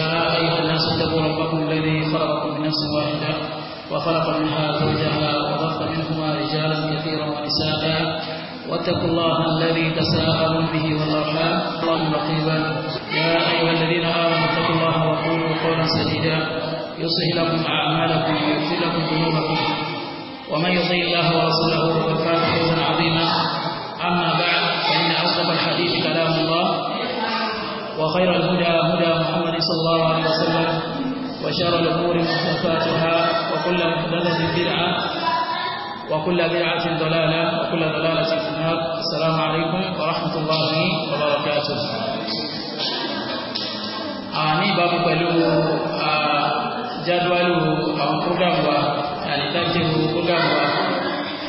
يا أيها الناس اتقوا ربكم الذي خلقكم من نفس واحدة وخلق منها زوجها وبث منهما رجالا كثيرا ونساء واتقوا الله الذي تساءلون به والأرحام الله رقيبا يا أيها الذين آمنوا اتقوا الله وقولوا قولا سديدا يصلح لكم أعمالكم ويغفر لكم ذنوبكم ومن يطع الله ورسوله فقد فاز فوزا عظيما أما بعد فإن أصدق الحديث كلام الله وخير الهدى هدى محمد محمد صلى الله عليه وسلم وشر الأمور محدثاتها وكل محدثة بدعة وكل بدعة ضلالة وكل ضلالة في النار السلام عليكم ورحمة الله وبركاته أني باب بلو جدول أو program يعني تكتب program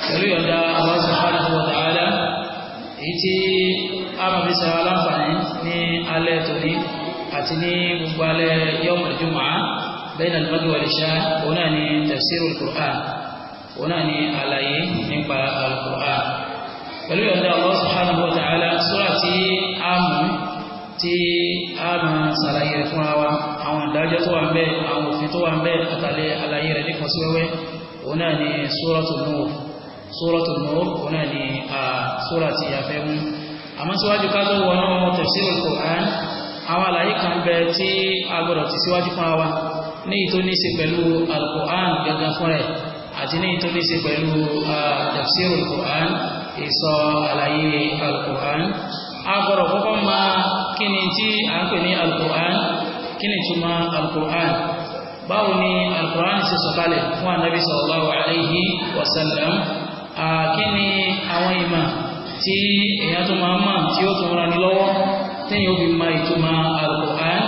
pẹ̀lú yọ̀ǹda Allah subhanahu wa ta'ala èyí tí a máa fi sọ̀rọ̀ ní àti ní gbogbo alẹ́ yawm al-jumu'ah bayna al-maghrib wal-isha òun náà ni tafsirul Qur'an òun náà ni àlàyé nípa al-Qur'an pẹ̀lú ìyọ̀ǹda Allah subhanahu wa ta'ala sura tí a mú tí a máa ṣàlàyé rẹ̀ fúnra wa àwọn ìdájọ́ tó wà ń bẹ àwọn òfin tó wà ń bẹ àtàlẹ́ àlàyé rẹ̀ nípa sí òun náà ni suratul Nur suratul Nur òun náà ni sura tí a mú àmọ́ síwájú ká tó wọnú àwọn àlàyé kan bẹ tí a gbọ́dọ̀ ti síwájú fún wa ní ìtò ní ṣe pẹ̀lú al-Qur'an gangan fún rẹ̀ àti ní ìtò ní ṣe pẹ̀lú tafsir al-Qur'an ìsọ àlàyé al-Qur'an a gbọ́dọ̀ kọ́kọ́ ma kí ni tí a ń pè ní al kí ni túmọ̀ al báwo ni al-Qur'an ṣe sọ̀kalẹ̀ fún anabi sallallahu alayhi wa kí ni àwọn ìmọ̀ tí èèyàn tó máa mọ̀ tí ó tún rani lọ́wọ́ tẹ́yìn ó fi ma ìtumọ̀ Al-Qur'an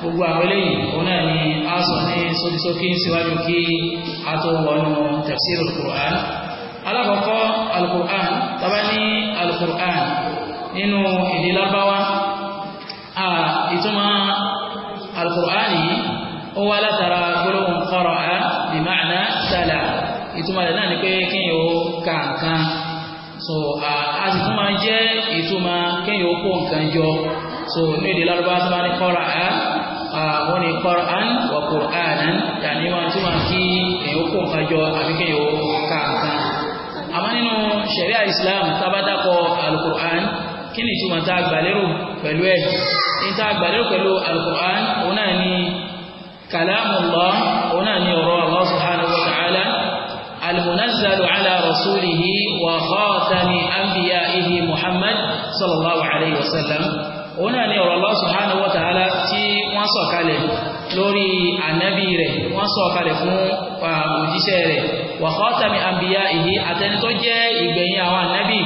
gbogbo àwọn eléyìí òun náà ni a sọ ní sókísókí síwájú kí a tó wọnú tafsir Al-Qur'an alákọ̀ọ́kọ́ Al-Qur'an tàbá ní Al-Qur'an nínú èdè lábáwá ìtumọ̀ Al-Qur'an yìí ó wá látara gbólóhùn qara'a bi ma'na tala ìtumọ̀ rẹ̀ náà ni pé kí so a sì tún máa jẹ́ ìtumọ̀ kéèyàn ó kó nǹkan jọ so ní èdè lárúbá tó bá ní kọ́ra á wọ́n ní kọ́ra á wà kó àná yàní wọ́n tún máa kí èèyàn ó kó nǹkan jọ àbí kéèyàn ká nǹkan. àmọ́ nínú ṣẹ̀ríà Islam tábàdàkọ alukur'an kí ni ìtumọ̀ tá a gbàlérò pẹ̀lú ẹ̀ ní tá a gbàlérò pẹ̀lú alukur'an òun náà ni kàlámù Allah òun náà ni ọ̀rọ̀ Allah subhanahu المنزل على رسوله وخاتم أنبيائه محمد صلى الله عليه وسلم ona ni ọ̀rọ̀ Allah subhanahu wa ta'ala tí wọ́n sọ kalẹ̀ lórí ànábì rẹ̀ wọ́n sọ kalẹ̀ fún òjíṣẹ́ rẹ̀ wa khatami anbiya'ihi àtẹni tó jẹ́ ìgbẹ̀yìn àwọn ànábì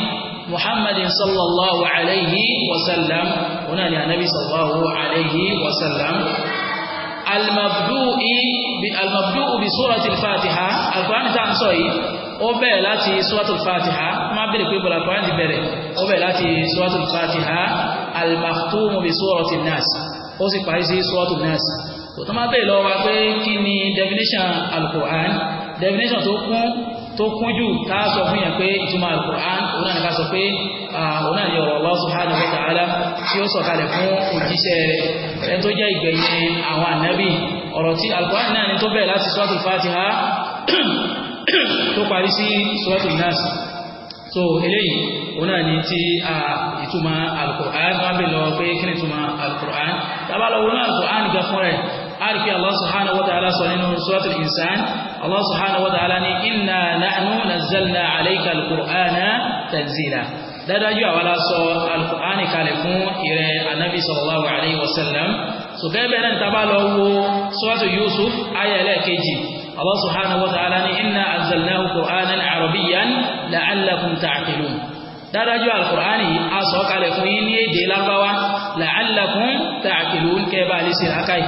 muhammadin sallallahu alayhi wa sallam ona ni ànábì sallallahu alayhi wa sallam alimabdu bi surati al-fatiha alukurani tá à ń sọ yìí ó bẹ̀rẹ̀ láti surati al-fatiha má bèrè pé bọ̀lá alukurani ti bẹ̀rẹ̀ ó bẹ̀rẹ̀ láti surati al-fatiha alimakhtumu bi surati an-nas ó sì parí surati an-nas tó tó má wa pé kí definition alukurani definition tó kún tó kúnjú ká sọ fún yẹn pé ìtumọ̀ alukur'an òun náà ni ká sọ pé òun náà ni ọ̀rọ̀ Allah subhanahu wa ta'ala tí ó sọ̀kalẹ̀ fún òjíṣẹ́ rẹ̀ ẹ tó jẹ́ ìgbẹ̀yìn àwọn ànábì ọ̀rọ̀ tí alukur'an náà ni tó bẹ̀rẹ̀ láti fatiha tó parí sí suratul nas so eléyìí òun náà ni ti ìtumọ̀ alukur'an wọn bẹ lọ pé kí ni ìtumọ̀ alukur'an tábàlọ́ òun àríkí Allah subhanahu wa ta'ala sọ nínú suratul insan Allah subhanahu wa ta'ala ní inna nahnu nazzalna alayka al-qur'ana tanzila dáadájú àwọn aláṣọ al-qur'ani kalẹ̀ fún ìrẹ anabi sallallahu alayhi wa sallam so bẹ́ẹ̀ bẹ́ẹ̀ náà tàbá lọ wo suratul yusuf ayé ẹlẹ́ẹ̀kejì Allah subhanahu wa ta'ala ní inna anzalnahu qur'anan arabiyyan la'allakum ta'qilun dáadájú alkùránì a sọ kalẹ̀ fún yín ní èdè lágbáwá la'allakum ta'qilun kẹ́ bá lè ṣe àkáyì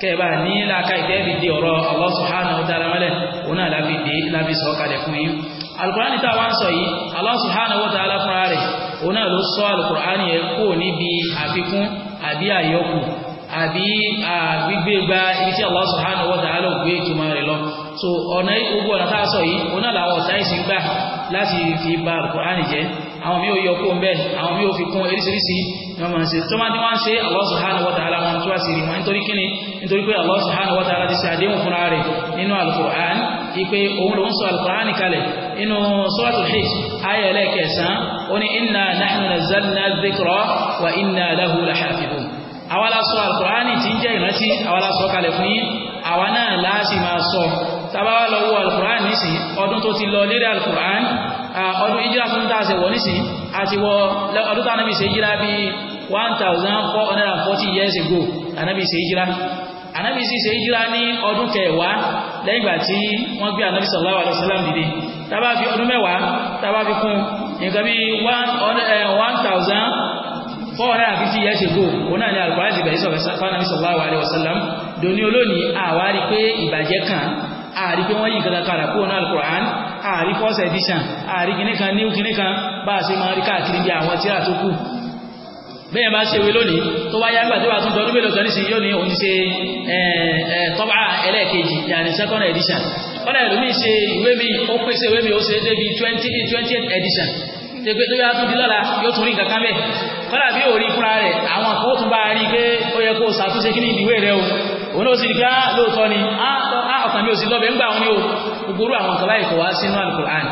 kẹba ní láka ìtẹ́ẹ̀bì di ọ̀rọ̀ Allah subhanahu wa ta'ala mọ́lẹ̀ òun náà láfi dé láfi sọ kalẹ̀ fún yín alukurani tá a wá ń sọ yìí Allah subhanahu wa ta'ala fúnra rẹ̀ òun náà ló sọ alukurani yẹn kó níbi àfikún àbí àyọkù àbí gbígbé gba ibi tí Allah subhanahu wa ta'ala gbé ìtumọ̀ rẹ̀ lọ so ọ̀nà gbogbo ọ̀nà tá sọ yìí òun ọ̀tá ìsìn gbà láti fi ba alukurani jẹ́ àwọn mi ò yọ kó ń bẹ àwọn mi ò fi kún eríṣiríṣi ni wọ́n máa ń ṣe tó máa ń wá ń ṣe Allah subhanahu wa ta'ala wọn tó wá sí ìrìnwọ̀n nítorí kíni nítorí pé Allah subhanahu wa ta'ala ti ṣe àdéhùn fúnra rẹ̀ nínú al-Qur'an ipe òun ló ń sọ al-Qur'an kalẹ̀ nínú suratul Hijr aya ẹlẹ́kẹsàn ó ní inna nahnu nazzalna dhikra wa inna lahu lahafidhun àwa la sọ ń jẹ́ ìrántí àwa kalẹ̀ fún yín àwa náà láti máa sọ tàbá wá lọ wo alukur'an nísìn ọdún tó ti lọ lérí alukur'an ọdún ìjírà tó ń tàṣẹ wọ nísìn àti wọ ọdún tó anábì ṣe ìjírà bí one thousand four hundred and forty years ago anábì se ìjírà anábì sì ṣe ìjírà ní ọdún kẹwàá lẹ́yìn ìgbà tí wọ́n gbé anábì sallallahu alaihi wasallam dìde tàbá fi ọdún mẹ́wàá tàbá fi kún nǹkan bí one eh, thousand four hundred and fifty years ago òun ni alukur'an ti bẹ̀rẹ̀ sọ̀rọ̀ fún anábì sallallahu alaihi wasallam dòní olónìí àwárí pé ìbàjẹ́ kan àrí pé wọ́n yí nǹkan kan àkó náà alukur'an àrí first edition àrí kìnnìkan new kìnnìkan bá a ṣe máa rí káàkiri bí àwọn tíra tó kù bẹ́ẹ̀ bá ṣe wé lónìí tó bá yágbà tó bá tún dọ́dún mélòó kan ní sí yóò ní òun ṣe tọ́bà ẹlẹ́ẹ̀kejì yàní second edition ọ̀nà ìlúmí ṣe ìwé mi ó pèsè ìwé mi ó ṣe débi twenty twenty edition tẹgbẹ́ tó yá tún di lọ́la yóò tún rí nǹkan kan bẹ́ẹ̀ kọ́dà bí òòrí fúnra rẹ̀ àwọn kan tún bá rí i pé ó yẹ kó o ṣàtúnṣe kí ni ìdíwé rẹ o òun ó sì rí ká ah, lóòótọ́ ni á ah, t ọkàn mi ò sí lọ́bẹ̀ wọn ni o gbogbo àwọn nǹkan báyìí kò wá sínú alukur'an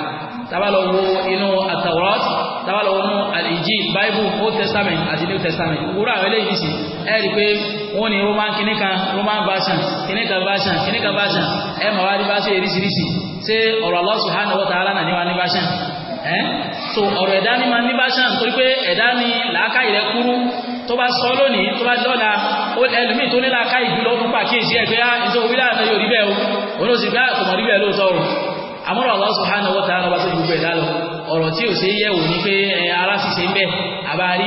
tábàlọ wo inú atawrat tábàlọ wo inú alìjí bible old testament àti new testament gbogbo àwọn eléyìí sì ẹ pé wọn ni roman kìnìkan roman version kìnìkan version kìnìkan version ẹ mọ̀ wá rí version eríṣiríṣi ṣé ọ̀rọ̀ Allah subhanahu wa ta'ala náà ní wá ní version ẹ́ so ọ̀rọ̀ ẹ̀dá ni máa ní version torí pé ẹ̀dá ni làákàyè rẹ kúrú tó bá sọ lónìí tó bá lọ́la ẹlòmíì tó ní làákàyè jùlọ tó pàkíyèsí ẹgbẹ́ á ìṣe òbí láàánú yóò rí bẹ́ẹ̀ o òun ló sì gbá ah, kò rí bẹ́ẹ̀ lóòótọ́ o àmọ́rọ̀ Allah subhanahu wa ta'ala bá tó ju gbogbo ẹ̀dá lọ ọ̀rọ̀ tí ò ṣe yẹ̀ wò ní pé ara sì ṣe ń bẹ́ẹ̀ àbárí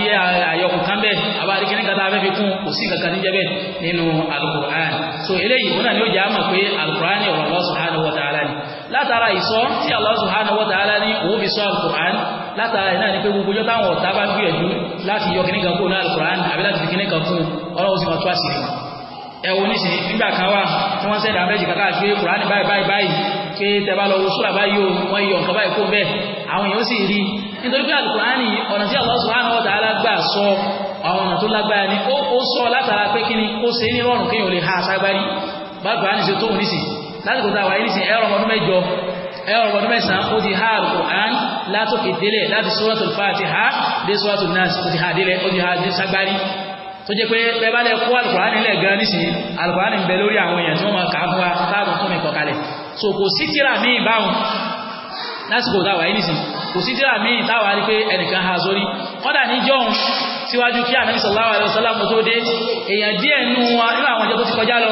àyọkù kan bẹ́ẹ̀ àbárí kí ní kata afẹ́ fi kún kò sí kankan níjẹ́ bẹ́ẹ̀ nínú Al-Qur'an so eléyìí òun náà ni ó jẹ́ àmọ̀ pé Al-Qur'an ni ọ̀rọ̀ Allah subhanahu wa ta'ala látara ìsọ tí Allah subhanahu wa ta'ala ní òun fi sọ alukur'an látara ìnáà ní pé gbogbo ọjọ́ táwọn ọ̀tá bá ń gbìyànjú láti yọ kíníkan kó náà alukur'an àbí láti fi kíníkan fún ọlọ́run sì máa tó àṣírí ẹ̀wọ̀n oníṣẹ́ nígbà kan wà tí wọ́n sẹ́dá méjì kàkà àti pé kùránì báyìí báyìí báyìí pé tẹ́bá lọ wo súrà báyìí o wọ́n yọ nǹkan báyìí kó bẹ́ẹ̀ àwọn èèyàn sì rí nítorí pé àlùkùránì ọ̀nà tí Allah subhanahu wa ta'ala gbà sọ àwọn ọ̀nà tó lágbára ni ó sọ látara pé kíni ó ṣe ní rọrùn kéèyàn lè ha aṣágbárí bá kùránì lásìkò tá a wà yìí nísìnyí ẹ̀rọ ọmọdún mẹ́jọ ẹ̀rọ ọmọdún mẹ́sàn-án ó ti ha Al-Qur'an látòkè délẹ̀ láti Suratul Fatiha dé Suratul Nas ó ti ha délẹ̀ ó ti ha dé sagbárí tó jẹ́ pé bẹ́ẹ̀ kó Al-Qur'an nílẹ̀ gan nísìnyí Al-Qur'an ń bẹ lórí àwọn èèyàn tí wọ́n máa kà á fún wa táàbù tún mi kọ̀kalẹ̀ so kò sí tíra míì báwọn lásìkò tá a wà yìí nísìnyí kò sí tíra míì dé èèyàn díẹ̀ nínú wa nínú àwọn ìjọ tó ti kọjá lọ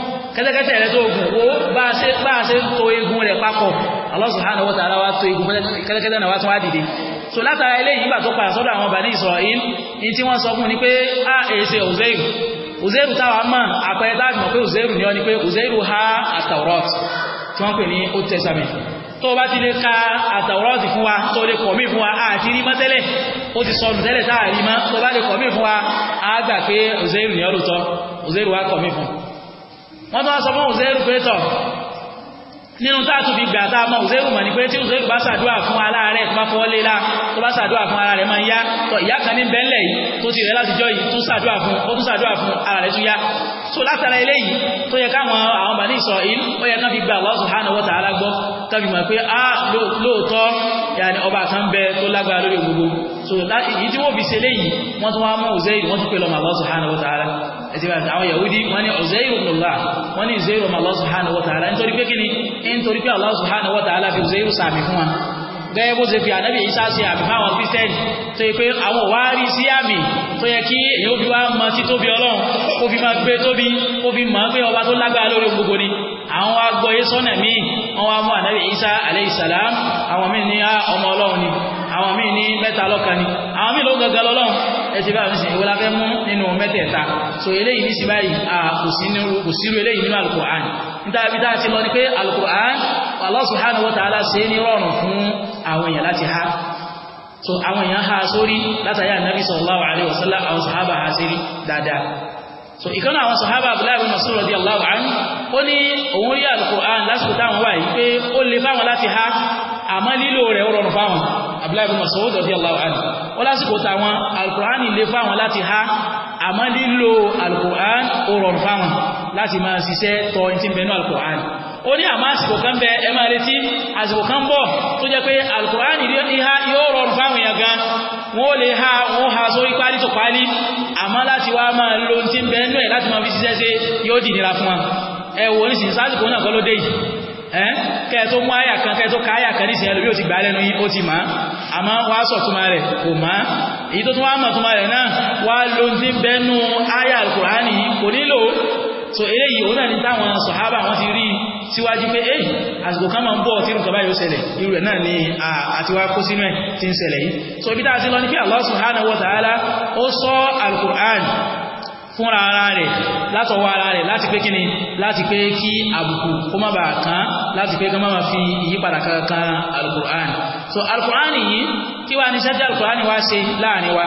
kẹ́tẹ́kẹ́tẹ́ rẹ̀ tó gùn wo bá a ṣe ń to egun rẹ̀ papọ̀ Allah subhanahu wa ta'ala wá to egun kẹ́tẹ́kẹ́tẹ́ náà wá tún wá dìde so látara eléyìí nígbà tó padà sọ́dọ̀ àwọn Bani Isra'il ní tí wọ́n sọ fún ni pé a èsè òzèèrù òzèèrù táwa mọ̀ àpẹẹrẹ táàbì mọ̀ pé òzèèrù ni ọ ni pé òzèèrù ha àtàwọ̀rọ̀t tí wọ́n pè ní Old bá ti lè ka àtàwọ̀rọ̀t fún wa tó lè kọ̀ fún wa àti rí mọ́ tẹ́lẹ̀ ó ti sọnù tẹ́lẹ̀ táà mọ́ tó bá lè kọ̀ fún wa á gbà pé òzèèrù ni ọ lóòótọ́ òzèèrù wa fún wa wọ́n tó wá sọ fún òzèrú pé tọ̀ nínú táàtù fi gbà táàmọ́ òzèrú mọ̀ ní pé tí òzèrú bá sàdúrà fún aláàrẹ̀ tó bá fọ́ léla tó bá sàdúrà fún ara rẹ̀ máa ń yá tọ̀ ìyá kan ní bẹ́ńlẹ̀ yìí tó ti rẹ̀ láti jọ yìí tún sàdúrà fún ó tún sàdúrà fún ara rẹ̀ tún yá so látara eléyìí tó yẹ káwọn àwọn bàní ìsọ̀ yìí ó yẹ kán fi gba Allah subhanahu wa ta'ala gbọ́ tàbí mọ̀ pé á ah, lóòótọ́ yàní ọba kan bẹ tó lágbára lórí gbogbo so èyí tí wọ́n fi ṣe léyìí wọ́n tún wá mú Uzairu wọ́n tún pè lọ́mọ Allah subhanahu wa ta'ala ẹ̀sìn bá àwọn Yahudi wọ́n ní Uzairu ibn Allah wọ́n ní Uzairu ọmọ Allah subhanahu wa ta'ala nítorí pé kíni nítorí pé Allah subhanahu wa ta'ala fi Uzairu sàmì fún wa gẹ́gẹ́ bó fi ànábì Ìsá ṣe àmì fún àwọn kírísítẹ́nì tó yẹ pé àwọn wá rí sí àmì tó yẹ kí èyí ó fi wá mọ títóbi Ọlọ́run àwọn wá gbọ́ yé sọ́nà míì wọ́n wá mú ànábì Isa alayhi salam àwọn míì ní ah, ọmọ ọlọ́run ni àwọn míì ní mẹ́ta lọ́kan ni àwọn míì ló gangan lọ́lọ́run ẹtì báyìí nísìnyí wọ́n fẹ́ mú nínú mẹ́tẹ̀ẹ̀ta so eléyìí nísìnyí báyìí kò sírú eléyìí nínú alukur'an níta bí táà ti lọ ni pé alukur'an Allah subhanahu wa ta'ala ṣe é so àwọn èèyàn ha sórí látàrí ànábì sallallahu alayhi wa sallam àwọn sàhábà ha so ìkànnì àwọn sàhábà abdullahi bin mas'ud radiyallahu anhu ó ní òun rí Al-Qur'an lásìkò táwọn wà yìí pé ó le fáwọn láti há àmọ́ lílò rẹ̀ ó rọrùn fáwọn Abdullahi bin Mas'ud radiyallahu anhu ó lásìkò táwọn Al-Qur'an le fáwọn láti há àmọ́ lílò Al-Qur'an ó rọrùn fáwọn láti máa ṣiṣẹ́ tọ́ ẹni tí ń bẹnu Al-Qur'an ó ní àmọ́ àsìkò kan bẹ ẹ máa retí àsìkò kan bọ̀ tó jẹ́ pé al ìhá yóò rọrùn fáwọn èèyàn gan wọ́n lè ha wọ́n ha sórí pálí tó pálí àmọ́ láti wá máa lo ti ń bẹnu ẹ̀ láti máa fi ṣiṣẹ́ ṣe yóò dìnira fún wa ẹ wo ní sin sásìkò náà kọ́ ló dé yìí ẹ kẹ́ tó mú àyà kan kẹ́ tó ká àyà kan ní sin ẹlòmí ò ti gbà lẹ́nu yín ó ti mà á àmọ́ wá sọ túmọ̀ rẹ̀ kò mà èyí tó tún wá mọ̀ túmọ̀ rẹ̀ náà wá ló ti bẹ́nu àyà Al-Kùránì kò nílò so eléyìí òun náà ní táwọn sọ̀hábà wọn ti rí síwájú pé èyí àsìkò kan máa ń ni àtiwá kó sínú so ibi tá Allah subhanahu wa ta'ala Al-Qur'an fúnra ara rẹ̀ látọwọ́ ara rẹ̀ láti pé kíni láti pé kí àbùkù kó má bàa kàn láti pé kí fi ìyípadà kankan alukur'an so alukur'an yìí kí wàá ní sẹ́tí alukur'an wá ṣe láàrin wa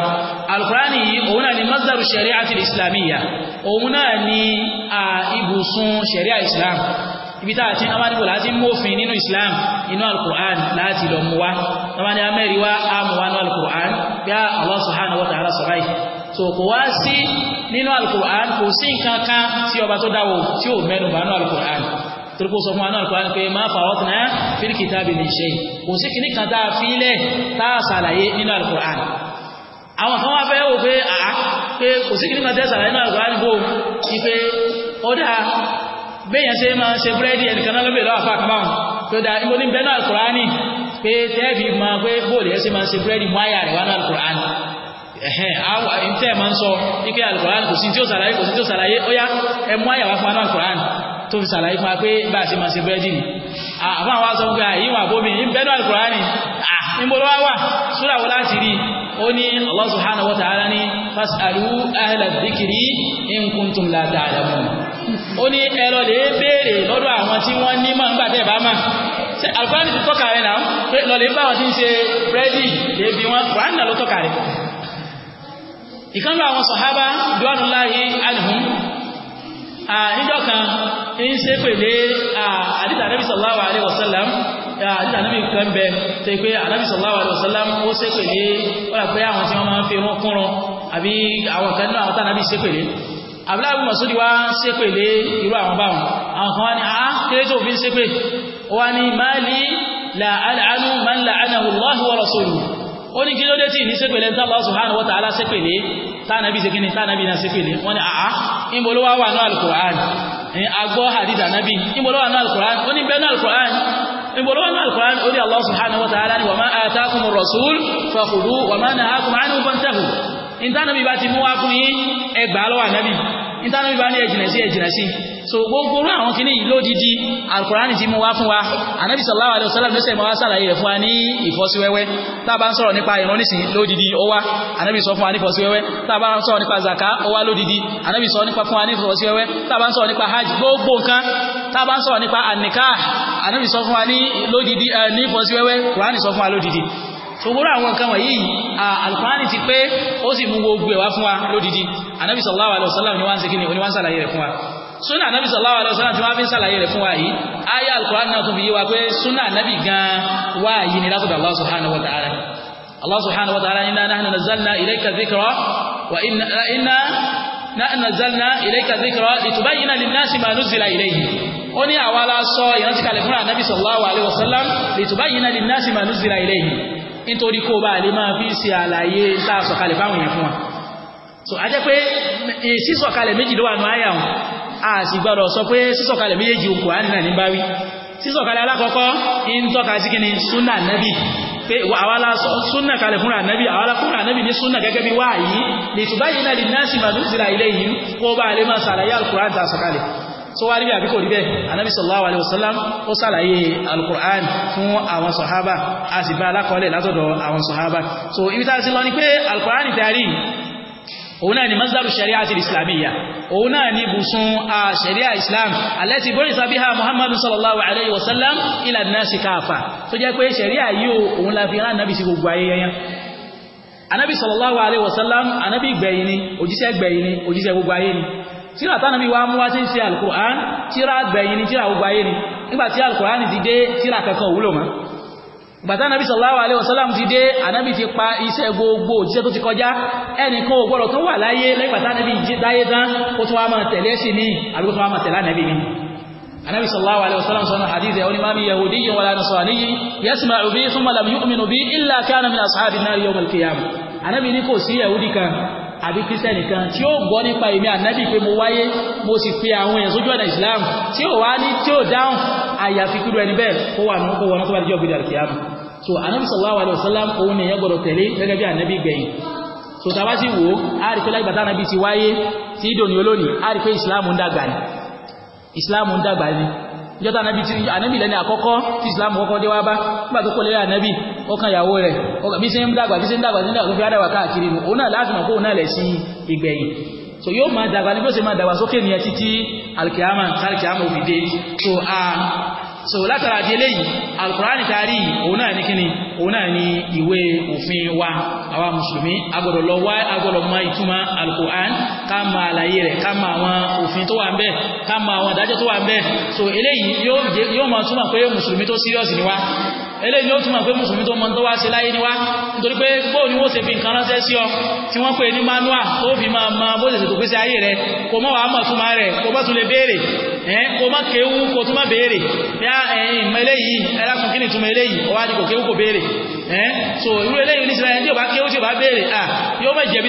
alukur'an yìí òun náà ni masdaru sharia ti islamiyya òun náà ni ibùsùn sharia islam ibi tá a ti amá níbo láti mú òfin nínú islam inú alukur'an láti lọ mú wa wọn ni amẹ́rìí wa á wa nínú alukur'an bí a Allah subhanahu wa ta'ala sọ báyìí so kò wá sí nínú alukur'an kò sí nǹkan kan tí ọba tó dáwò tí ò mẹ́nu bá nínú alukur'an torí sọ fún alukur'an pé má farratna fil kitabi min shay kò sí kìíní kan tá a fílẹ̀ tá a ṣàlàyé nínú alukur'an àwọn kan wá fẹ́ wò pé àá pé kò sí kìíní kan tẹ́ ṣàlàyé nínú alukur'an bò ní pé ó dáa béèyàn ṣe máa ṣe búrẹ́dì ẹnìkan náà lóbè lọ́wọ́ àfáà kàmáwọn tó dáa ibo ní bẹ́ẹ̀ náà alukur'an pé tẹ́ẹ̀fì máa pé bóòlù ẹ ẹ̀hẹ́n àwọn ìtẹ́ ẹ̀ máa ń sọ wípé alukoran kò sí tí ó sàlàyé kò sí tí ó sàlàyé ẹ mú àyàwó alukoran tó fi sàlàyé fún wa pé bá a ṣe máa ṣe búrẹ́dì ni àbá wa sọ pé àyíwọ̀n àbómi ìbẹ́nu alukoran ni níbolo wá wà sódà wọ́n láti rí ó ní Allah subhanahu wa ta'ala ní fasalu ahla dhikri in kuntum la ó ní lè béèrè lọ́dọ̀ àwọn tí wọ́n ìkánlọ àwọn sọ̀hábá duwanullahi alhum níjọ́ kan ń ṣe pèlé àdìtà anábì sallallahu alaihi wasallam àdìtà anábì kan bẹ tó pé anábì sallallahu alaihi wasallam ó ṣe pèlé wọ́n pé àwọn tí wọ́n máa ń fi rún kúrun àbí àwọn kan náà àwọn tàbí ṣe pèlé abúláàbù masudi wá ṣe pèlé irú àwọn báwọn àwọn kan wá ní àá kéré tó fi ń pè wá ó ní kí ló dé tí ní sépèlé ní Allah subhanahu wa ta'ala sépèlé tánàbí ṣe kíni tánàbí náà sépèlé wọ́n ní àá ìbòló wà wà ní alukur'an ní agbọ́ hadith anabi ìbòló wà ní alukur'an ó ní bẹ́ẹ̀ ní alukur'an ìbòló wà ní alukur'an ó ní Allah subhanahu wa ta'ala ni wa ma atakumur rasul fakhudhu wa ma nahakum anhu fantahu ìtànàbí bá ní ẹ̀jìnà sí ẹ̀jìnà sí so gbogbo orú àwọn kìíní yìí lódìdí alukurani ti mú wá fún wa anabi sallallahu alayhi wa sallam ló sẹ́yìn sàlàyé rẹ̀ fún wa ní ìfọ́síwẹ́wẹ́ tá a bá ń sọ̀rọ̀ nípa ìran nísìnyí lódìdí ó wá anabi sọ fún wa ní ìfọ́síwẹ́wẹ́ tá a bá ń sọ̀rọ̀ nípa zaka ó wá lódìdí anabi sọ nípa fún wa ní ìfọ́síwẹ́wẹ́ tá sọ̀rọ̀ nípa hajj gbogbo nǹkan tá a bá ń sọ̀rọ̀ nípa àníkà anabi sọ fún wa ní lódìdí ní sọ fún wa lódìdí sòwúrò àwọn nǹkan wọ̀nyí alukurani ti pé ó sì mú gbogbo ẹ̀ wá fún wa lódìdí anabi sallallahu alayhi wa sallam ni wọ́n ń segin ni wọ́n ń nítorí kó bá lè máa fi ṣe àlàyé tá sọ̀kalẹ̀ fáwọn èèyàn fún wa so a jẹ́ pé sísọ̀kalẹ̀ méjì ló wà nù àyà wọn a sì gbọ́dọ̀ sọ pé sísọ̀kalẹ̀ méjèèjì okùn á nà ní báwí sísọ̀kalẹ̀ alákọ̀ọ́kọ́ ń tọ́ka sí kíni sunna nabi pé àwa la sọ sunna nabi àwa la nabi ní sunna gẹ́gẹ́ bí wáyé lè tùbáyé náà lè ná sí màdúsílà ilé yìí kó bá lè máa ṣàlàyé so wá rí bí àbíkò rí bẹ́ anábì sallallahu alaihi wasallam ó sàlàyé alukur'an fún àwọn sọ̀hábà a sì bá alákọọ́lẹ̀ látọ̀dọ̀ àwọn sọ̀hábà so ibi tá a ti lọ ni pé alukur'an tàrí òun náà ni masdaru sharia ti islamiyya òun náà ni bùsùn a sharia islam alẹ́tì bóyí sábíhá muhammadu sallallahu alaihi wasallam ila nasi káfà tó jẹ́ pé sharia yíò òun láfi hàn nábi sí gbogbo ayẹyẹyẹn anábi sallallahu alaihi wasallam anábi gbẹ̀yìn ni òjíṣẹ́ gbẹ̀yìn ni òjíṣẹ́ gbogbo ayé ni tíra tánàbí wa mú wá tí ń ṣe alukur'an tíra gbẹ̀yìn ni tíra gbogbo ayé ni nígbà tí alukur'an ti dé tíra kankan wúlò mọ́ gbàtà nàbí sallallahu alaihi wasallam ti dé ànábì ti pa iṣẹ́ gbogbo òjíṣẹ́ tó ti kọjá ẹnìkan ò gbọ́dọ̀ tó wà láyé lẹ́gbàtà nàbí dáyé tán صلى الله عليه وسلم صنع حديث يقول ما من يهودي ولا نصراني يسمع به ثم يؤمن به إلا كان من أصحاب النار يوم القيامة النبي نيكو سي يهودي كان àbí kírísítẹ́nì kan tí ó gbọ́ nípa èmi ànábì pé mo wáyé mo sì pe àwọn èèyàn sójú ọ̀nà islam tí ó wá ní tí ó dáhùn àyàfi kúrò ẹni bẹ́ẹ̀ kó wà nínú kó wọnà tó bá dijọ́ gbé dàrú kìámù so ànábì sallallahu alaihi wasallam òun nìyẹn gbọdọ̀ tẹ̀lé gẹ́gẹ́ bí ànábì gbẹ̀yìn so tá a bá sì wò ó a rí pé láti bàtà ànábì ti wáyé tí ìdòní olónìí a rí pé islam ń dàgbà ni islam ń dàgbà ni ìjọta anabi tí anabi lẹ́ni àkọ́kọ́ tí islam kọ́kọ́ dé wá bá nígbà tó kó lé anabi ọkàn ìyàwó rẹ̀ bí ṣe ń dàgbà bí ṣe ń dàgbà nígbà tó fi àdàwà káàkiri nù òun náà láti mọ̀ náà lẹ̀ sí ìgbẹ̀yìn so yóò máa dàgbà ní bí ó ṣe máa dàgbà sókè nìyẹn títí alikiyama alikiyama òfìdé so so látara di eléyìí alukurani taari òun náà ní kíni òun náà ní ìwé òfin wa àwa mùsùlùmí agbọ́dọ̀ lọ wá agbọ́dọ̀ mọ ìtumọ̀ alukuran ká mọ àlàyé rẹ̀ ká mọ àwọn òfin tó wà ń bẹ̀ ká mọ àwọn ìdájọ́ tó wà ń bẹ̀ so eléyìí yóò ma túmọ̀ pé mùsùlùmí tó serious ni wá eléyìí ó túmọ̀ pé mùsùlùmí tó mọ tó wá ṣe láyé ni wá nítorí pé bóò ni wọ́n ṣe fi nǹkan ránṣẹ́ sí ọ tí wọ́n pè ní manual tó fi máa ma bó ṣe ṣètò pèsè ayé rẹ kò mọ̀ wàá mọ̀ tún máa rẹ̀ kò mọ̀ tún lè béèrè ẹ̀ kò mọ̀ kéwú kò tún mọ̀ béèrè bí ẹ̀yìn mọ eléyìí so irú eléyìí ní sinayẹ tí ò bá kéwú tí ò bá béèrè à yóò mọ̀ jẹ̀bi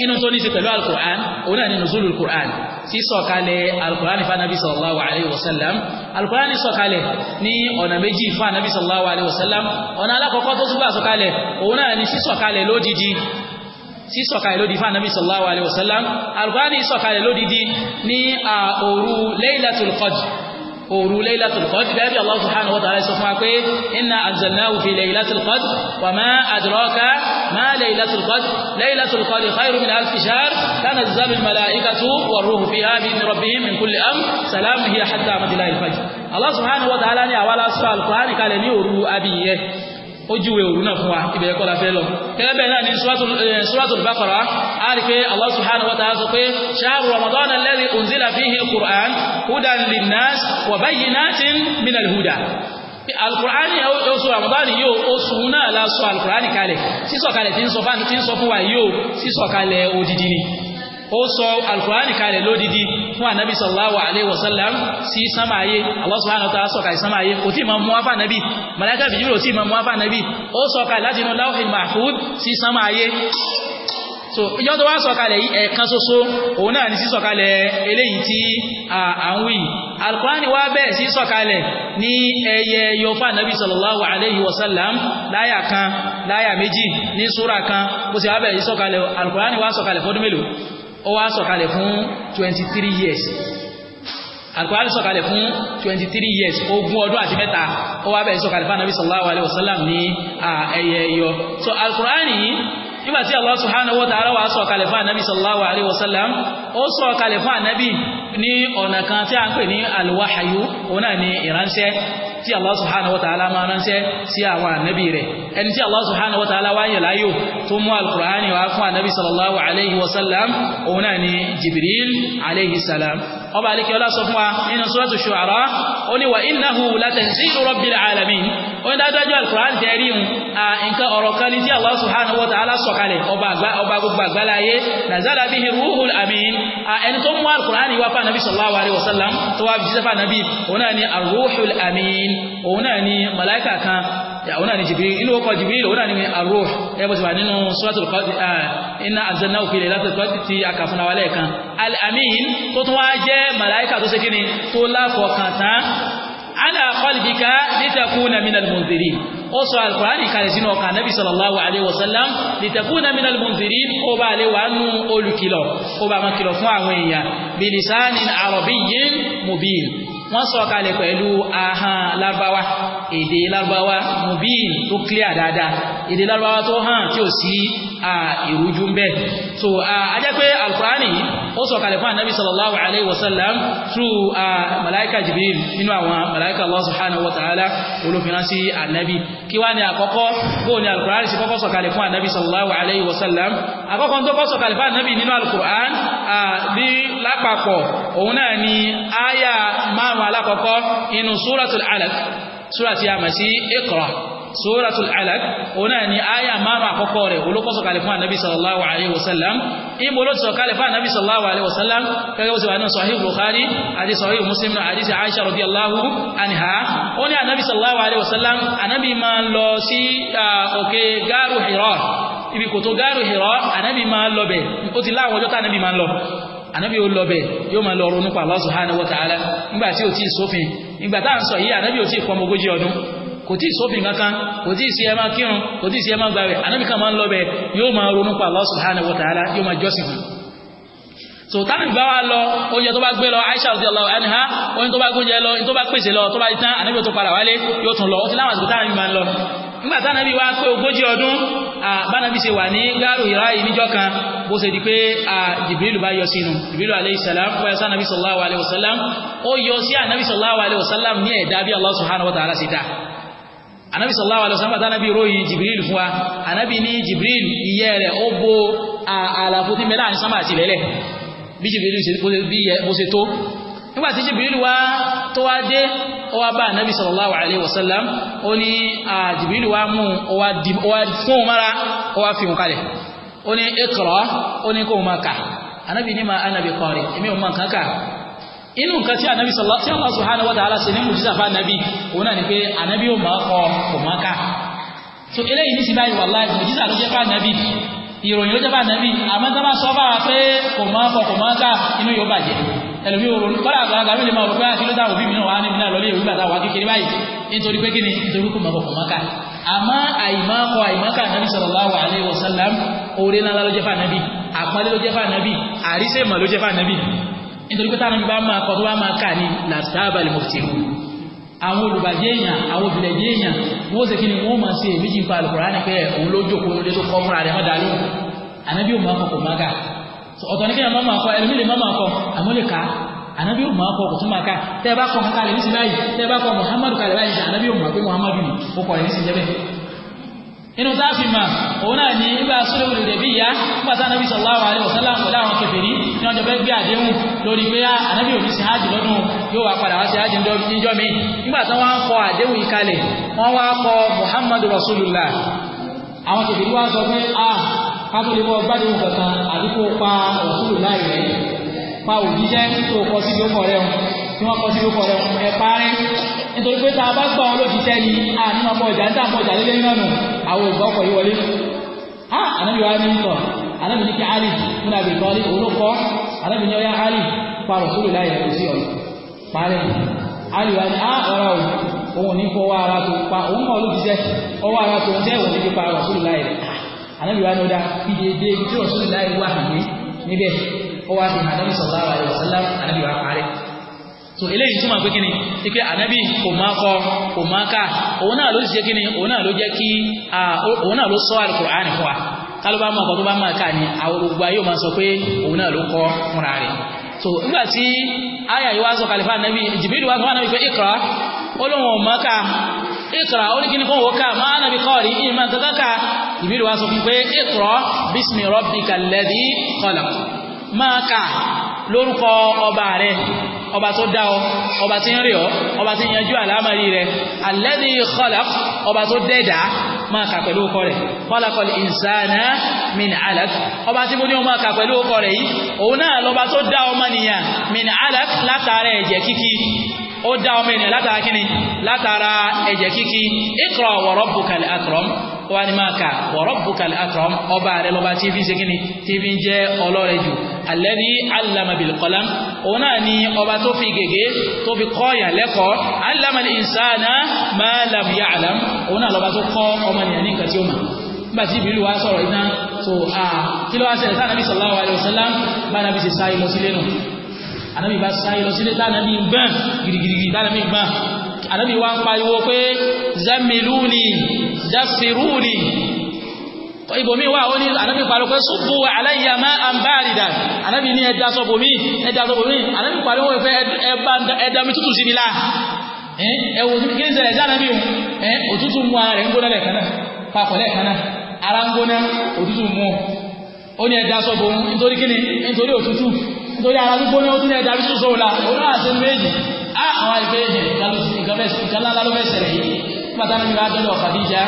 inú tó ní ṣe pẹ̀lú alukur'an òun náà ni nùzúlù alukur'an tí sọ̀kalẹ̀ alukur'an fa nabi sallallahu alayhi wa sallam alukur'an sọ̀kalẹ̀ ní ọ̀nà méjì fa nabi sallallahu alayhi wa sallam ọ̀nà alákọ̀ọ́kọ́ tó súnbà sọ̀kalẹ̀ òun náà sísọ̀kalẹ̀ lódidi òru laylatul qadr bí Allah subhanahu wa ta'ala sọ fún wa pé inna anzalnahu fi laylatul qadr wa ma adraka ma laylatul qadr laylatul qadr khairu min alf shahr tanazzalu al-mala'ikatu war-ruhu fiha bi rabbihim min kulli amr salamun hiya hatta matla'il fajr Allah subhanahu wa ta'ala ní awala la al al-Qur'an kalẹ̀ ní òru abiyẹ ó júwe òru náà fún wa ibẹ̀ kọ́ la fẹ́ lọ gẹ́gẹ́ bẹ́ẹ̀ náà ní eh, suratul Baqara á rí pé Allah subhanahu wa ta'ala sọ pé shahru Ramadan alladhi unzila fihi al-Qur'an hudan linnas wa bayyinatin min al-huda alukur'ani oṣù ramadani yóò oṣù náà la sọ alukur'ani kalẹ̀ sísọ̀kalẹ̀ tí ń sọ fún wa yóò sísọ̀kalẹ̀ odidi ni ó sọ alkùránì kalẹ̀ lódidi fún ànábì sallallahu alaihi wasallam sí sámàáyé Allah subhanahu wa ta'ala sọ̀kà ìsámàáyé kò tí ma mú afá nábì màláíkà bìjúrò tí ma mú afá nábì ó sọ̀kà láti inú láwùhìn mahfud sí sámàáyé so ìjọ tó wá sọ̀kalẹ̀ yìí ẹ̀ẹ̀kan ṣoṣo ni sí sọ̀kalẹ̀ eléyìí tí sallallahu alaihi wasallam láyà kan láyà méjì ní súra kan bó sì wá bẹ̀rẹ̀ sí sọ̀kalẹ̀ alkùránì wá sọ̀kalẹ̀ fọdún mélòó ó wá sọ̀kalẹ̀ fún twenty three years alukurani sọ̀kalẹ̀ fún twenty three years ogún ọdún àti mẹ́ta ó wá bẹ̀rẹ̀ sọ̀kalẹ̀ fún anabi sallallahu alayhi wa sallam ní ẹ̀yẹ ẹ̀yọ so alukurani yìí nígbàtí Allah subhanahu wa ta'ala wa sọ kalẹ̀ fún ànábì sallallahu alaihi wasallam ó sọ kalẹ̀ fún ànábì ní ọ̀nà kan tí a ń pè ní alwahayu òun náà ni ìránṣẹ́ tí Allah subhanahu wa ta'ala máa ránṣẹ́ sí àwọn ànábì rẹ̀ ẹni tí Allah subhanahu wa ta'ala wáyẹ̀ láyò tó mú alkùránì wá fún ànábì sallallahu alaihi wasallam òun ni Jibril alaihi salam ọba àlekẹ́ ọlá sọ fún wa nínú suratu shu'ara ó ní wa innahu latanzilu rabbil alamin ó ní dájúdájú alukur'an tẹ́ rí un nǹkan ọ̀rọ̀ kan ní tí Allah subhanahu wa ta'ala sọ̀kalẹ̀ ọba gbogbo àgbáláyé nazala bihi ruhul amin ẹni tó mú alukur'an wá òun náà ni Jibril inú ọkọ̀ Jibril òun náà ni Ar-Ruh ẹbọ̀ sí wà nínú Suratul Qadr inna anzalnahu fi laylatil Qadr ti àkàfúnra wa lẹ́ẹ̀kan Al-Amin tó tún wá jẹ́ màláìkà tó ṣe kíni tó láfọkàn tán ala qalbika litakuna minal munzirin ó sọ alkùránì kalẹ̀ sínú ọkà nábi sallallahu alaihi wasallam litakuna minal munzirin ó bá lè wà wọ́n sọ kalẹ̀ pẹ̀lú ahán lárúbáwá èdè lárúbáwá mubin tó clear dáadáa èdè lárúbáwá tó hàn tí ò sí ìrújú ń so ajẹ́ pé alukurani ó sọ kalẹ̀ fún anabi sallallahu alaihi wasallam through malaika jibril nínú àwọn malaika allah subhanahu wa ta'ala olófinna sí anabi kí wá ní àkọ́kọ́ bó ni alukurani sì kọ́kọ́ sọ kalẹ̀ fún anabi sallallahu alaihi wasallam sallam àkọ́kọ́ tó kọ́ sọ kalẹ̀ fún anabi nínú alukurani bí lápapọ̀ òun náà ni aya márùn márùn alákọ̀ọ́kọ́ inú súratul alaq súra tí a mọ̀ sí iqra súratul alaq òun náà ni àyà márùn àkọ́kọ́ rẹ̀ olókọ́sọ kàlífà nàbí sallallahu alayhi wa sallam ibo ló ti sọ kàlífà nàbí sallallahu alayhi wa sallam gẹ́gẹ́ bó ti wà nínú sahih bukhari àti sahih muslim àti sahih aisha radiyallahu anha ó ní ànábì sallallahu alayhi wa sallam ànábì máa ń lọ sí òkè gáàrú hira ibi ànábì ó lọ bẹ̀ yóò máa lọ ronú pa Allah subhanahu wa ta'ala nígbà tí ò tí ì sófin nígbà tá à ń sọ yìí ànábì ò tí ì pọmọ ogójì ọdún kò tí ì sófin kankan kò tí ì sí ẹ kírun kò tí ì sí ẹ máa gbààwẹ̀ ànábì kan máa ń lọ bẹ̀ yóò máa ronú pa Allah subhanahu wa ta'ala yóò máa jọ́sìn fún so tani gba wa lọ oúnjẹ tó bá gbé lọ Aisha radiyallahu anha oúnjẹ tó bá gbóúnjẹ lọ oúnjẹ tó bá pèsè lọ tó bá tán ànábì tó padà wálé yóò tún lọ ó ti láwọn àsìkò táwọn mi ń lọ nígbà tánábì wá pé ogójì ọdún bánábì ṣe wà ní gáàrò ìrá yìí níjọ́ kan bó ṣe di pé jìbìrìlù bá yọ sínú jìbìrìlù alayhi salam wáyé sánábì sallallahu alayhi wa sallam ó yọ sí ànábì sallallahu alayhi wa sallam ní ẹ̀dá bí Allah subhanahu wa ta'ala ṣe dá anabi sallallahu alaihi wasallam anabi ròyìn jibril fún wa anabi nígbàtí jìbìrìlù wá tó wá dé ó wá bá ànábì sallallahu alaihi wasallam ó ní àjìbìrìlù wá mú ó wá fún òun mára ó wá fi òun kalẹ̀ ó ní iqra ó ní kó máa kà ànábì ní ma ànábì qari èmi ò máa kankan inú nǹkan tí ànábì sallallahu alaihi wasallam subhanahu wa ta'ala ṣe ìròyìn ló jẹ́ bá nàbí àmọ́ tá bá sọ bá wa pé kò máa fọ kò máa ká inú yóò bàjẹ́ ẹlòmí òru kọ́lá àgbàlagbà mi lè máa rò pé àti ah, lóta òbí mi náà wà ní ìmúlẹ̀ lọ́lé ìwé gbàtà wà kékeré báyìí nítorí pé kí ni nítorí kò máa fọ kò máa ká àmọ́ àìmọ́kọ àìmọ́kà nàbí sallallahu alaihi wasallam àwọn olùbàjẹ́ èèyàn àwọn òbílẹ̀jẹ́ èèyàn wọ́n ṣe kí ni wọ́n máa ṣe èméjì ń pa Al-Qur'ani pé òun ló jókòó lórí tó kọ́ fúnra rẹ̀ mọ́dà lóhùn ànábì òun máa kọ̀ kò má kà ọ̀tọ̀ ní kí ni máa kọ ẹlòmíì lè máa kọ àmọ́ lè kà á ànábì òun máa kọ kò tún máa kà tẹ́ bá kọ kankan lè ní sí báyìí tẹ́ bá kọ Muhammadu kalẹ̀ báyìí ànábì òun máa pé Muhammadu ni ó kọ ní sí jẹ́ bẹ́ẹ̀ inú táàfin ma òun náà ní ibà sólòwò lè bí ìyá pàtàkì anábì sallallahu alaihi wasallam pẹ̀lú àwọn kèfèrí ní ọjọ́ bẹ́ gbé àdéhùn lórí pé anábì ah, òní sí hajj lọ́dún yóò wá padà wá sí hajj níjọ́ mi nígbà tí wọ́n kọ àdéhùn ìkalẹ̀ wọ́n wá kọ muhammadu rasulullah àwọn kèfèrí wá sọ pé a ah, kátó lè gbádùn kankan àdúgbò pa rasulullah tí wọ́n kọ́ sí orúkọ rẹ̀ ẹ parí nítorí pé tá a bá gbà wọn ló ti sẹ́ ni a nínú ọmọ ìjà ń tà mọ́ ìjà lélẹ́yìn náà nù àwọn ògbà ọkọ̀ yìí wọlé a ànábì wa ní sọ ànábì ní kí Ali múna bè tọ́ ní olókọ́ ànábì ní ọyá Ali parọ̀ sórí láyé kò sí ọ̀rọ̀ parí Ali wa ní a ọ̀rọ̀ o òun ní fọwọ́ ara tó pa òun kọ́ ló ti sẹ́ ọwọ́ ara tó ń jẹ́ òun ní fi parọ̀ sórí láyé ànábì wa ní ọ̀dà fi dédé tí rọ̀ sórí láyé wà níbẹ̀ ọwọ́ àti ànábì sallallahu alaihi wasallam ànábì wa parí so eléyìí túmọ̀ pé kíni sí pé ànábì kò máa kọ kò máa kà òun náà ló sì jẹ́ kíni òun náà ló jẹ́ kí òun náà ló sọ Al-Qur'ani fún wa kálọ́bá máa kọ́ tó bá máa kà ní àwọn gbogbo ayé máa sọ pé òun náà ló kọ́ fúnra rẹ̀ so nígbà tí aya yìí wá sọ kàlífà ànábì Jibril wá sọ ànábì pé Iqra ó lóun ò máa ó ní kíni kó wọ́n kà má ànábì kọ́ọ̀rì ìmọ̀ kankan kà Jibril lórúkọ ọba rẹ̀ ọba tó dá ọ ọba tí ń rí ọ ọba tí ń yanjú àlámàrí rẹ̀ alladhi khalaq ọba tó dẹ́dà máa kà pẹ̀lú ọkọ rẹ̀ khalaqal insana min alaq ọba tí mo ní o máa kà pẹ̀lú ọkọ rẹ̀ yìí òun náà lọ́ba tó dá ọmọnìyàn min alaq látara ẹ̀jẹ̀ kíkí ó dá ọmọ ènìyàn látara kíni látara ẹ̀jẹ̀ kíkí iqra wa rabbukal akram ó wá ní máa kà wa rabbukal akram ọba rẹ lọ́ba tí fi ṣe kíni tí fi ń jẹ́ ọlọ́rẹ jù alladhi allama bil qalam òun náà ni ọba tó fi gègé tó fi kọ́ insana ma lam ya'lam òun náà lọ́ba tó kọ́ ọmọnìyàn ní nǹkan tí ó mọ̀ nígbà wa sọ̀rọ̀ iná tó a kí ló wá ṣẹlẹ̀ sallallahu alaihi wasallam bá ànábì ṣe sáyé lọ sílé nù ànábì bá sáyé lọ sílé tá ànábì ànábì wá ń pariwo pé zamiluni dafiruni ibòmí wà ó ní ànábì pariwo pé sùpù aláyà máa ń bá àrìdà ànábì ní ẹ̀dá sọ̀bòmí ẹ̀dá sọ̀bòmí ànábì pariwo pé ẹ̀dá mi tútù sí mi láà ẹ̀wọ̀n tó kéde ṣẹlẹ̀ sáà nàbí òtútù mú ara rẹ̀ ń gbóná lẹ́ẹ̀kan náà papọ̀ lẹ́ẹ̀kan náà ara ń gbóná òtútù mú ó ní ẹ̀dá sọ̀bọ̀ nítorí kíni nítorí òtútù nítorí ara gbígbóná ó tún ní ẹ̀dá tútù sọ̀rọ̀ la òun náà ṣe méjì á àwọn àìpé nǹkan ńlá ló fẹ́ ṣẹlẹ̀ yìí nígbà táwọn ẹni bá dọ́dọ̀ Khadija